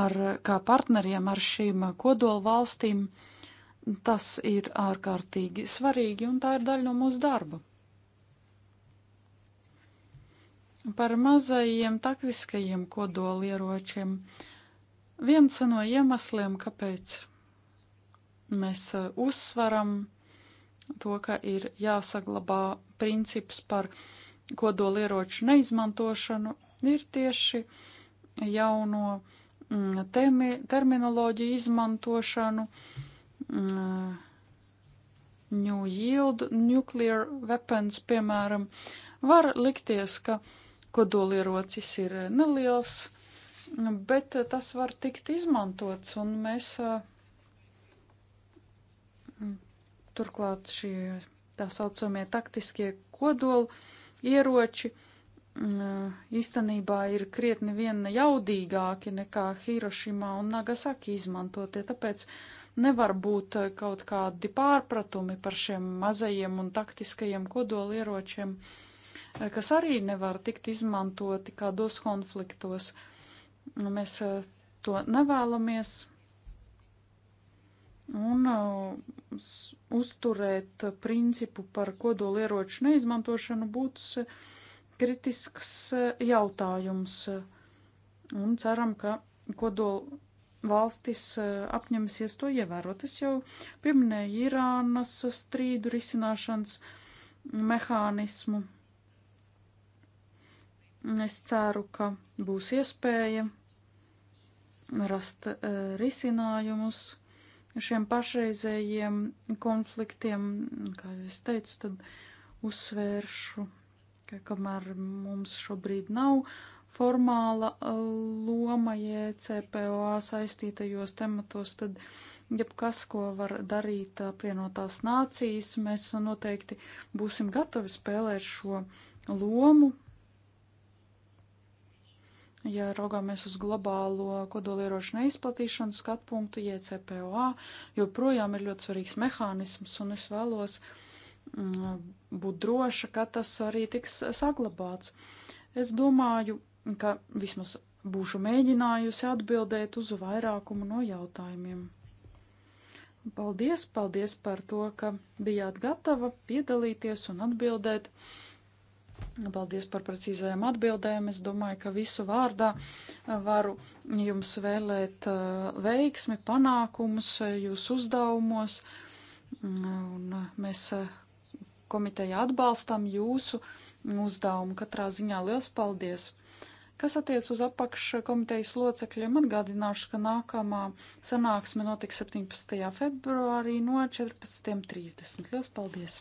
ar, kā partneriem ar šīm kodola valstīm. Tas ir ārkārtīgi svarīgi un tā ir daļa no mūsu darba. Par mazajiem taktiskajiem kodolieročiem. Viens no iemesliem, kāpēc mēs eh, uzsveram to, ka ir jāsaglabā princips par kodolieroču neizmantošanu, ir tieši jauno mm, temi, terminoloģiju izmantošanu, mm, New Yield, Nuclear Weapons, piemēram, var likties, ka uh, kodolierocis ir neliels, bet tas var tikt izmantots, un mēs mm, turklāt šie tā saucamie taktiskie kodoli ieroči mm, īstenībā ir krietni vien jaudīgāki nekā Hirošimā un Nagasaki izmantotie, tāpēc nevar būt kaut kādi pārpratumi par šiem mazajiem un taktiskajiem kodolieročiem ieročiem Eh, kas arī nevar tikt izmantoti kādos konfliktos. Nu, mēs eh, to nevēlamies. Un eh, uzturēt principu par kodolieroču neizmantošanu būs kritisks jautājums. Un ceram, ka kodol valstis apņemsies to ievērot. Es jau pieminēju Irānas strīdu risināšanas mehānismu. Es ceru, ka būs iespēja rast eh, risinājumus šiem pašreizējiem konfliktiem. Kā jau es teicu, tad uzsvēršu, ka kamēr mums šobrīd nav formāla eh, loma JCPOA e saistītajos tematos, tad jebkas, ko var darīt apvienotās nācijas, mēs noteikti būsim gatavi spēlēt šo lomu Ja raugāmies uz globālo kodolierošu neizplatīšanu skatu punktu, JCPOA joprojām ir ļoti svarīgs mehānisms, un es vēlos mm, būt droša, ka tas arī tiks saglabāts. Es domāju, ka vismaz būšu mēģinājusi atbildēt uz vairākumu no jautājumiem. Paldies, paldies par to, ka bijāt gatava piedalīties un atbildēt. Paldies par precīzajām atbildēm. Es domāju, ka visu vārdā eh, varu jums vēlēt eh, veiksmi, panākumus eh, jūsu uzdevumos. Un mēs komiteja atbalstam jūsu uzdevumu. Katrā ziņā liels paldies! Kas attiec uz apakškomitejas locekļiem, atgādināšu, ka nākamā sanāksme notiks 17. februārī no 14.30. Liels paldies!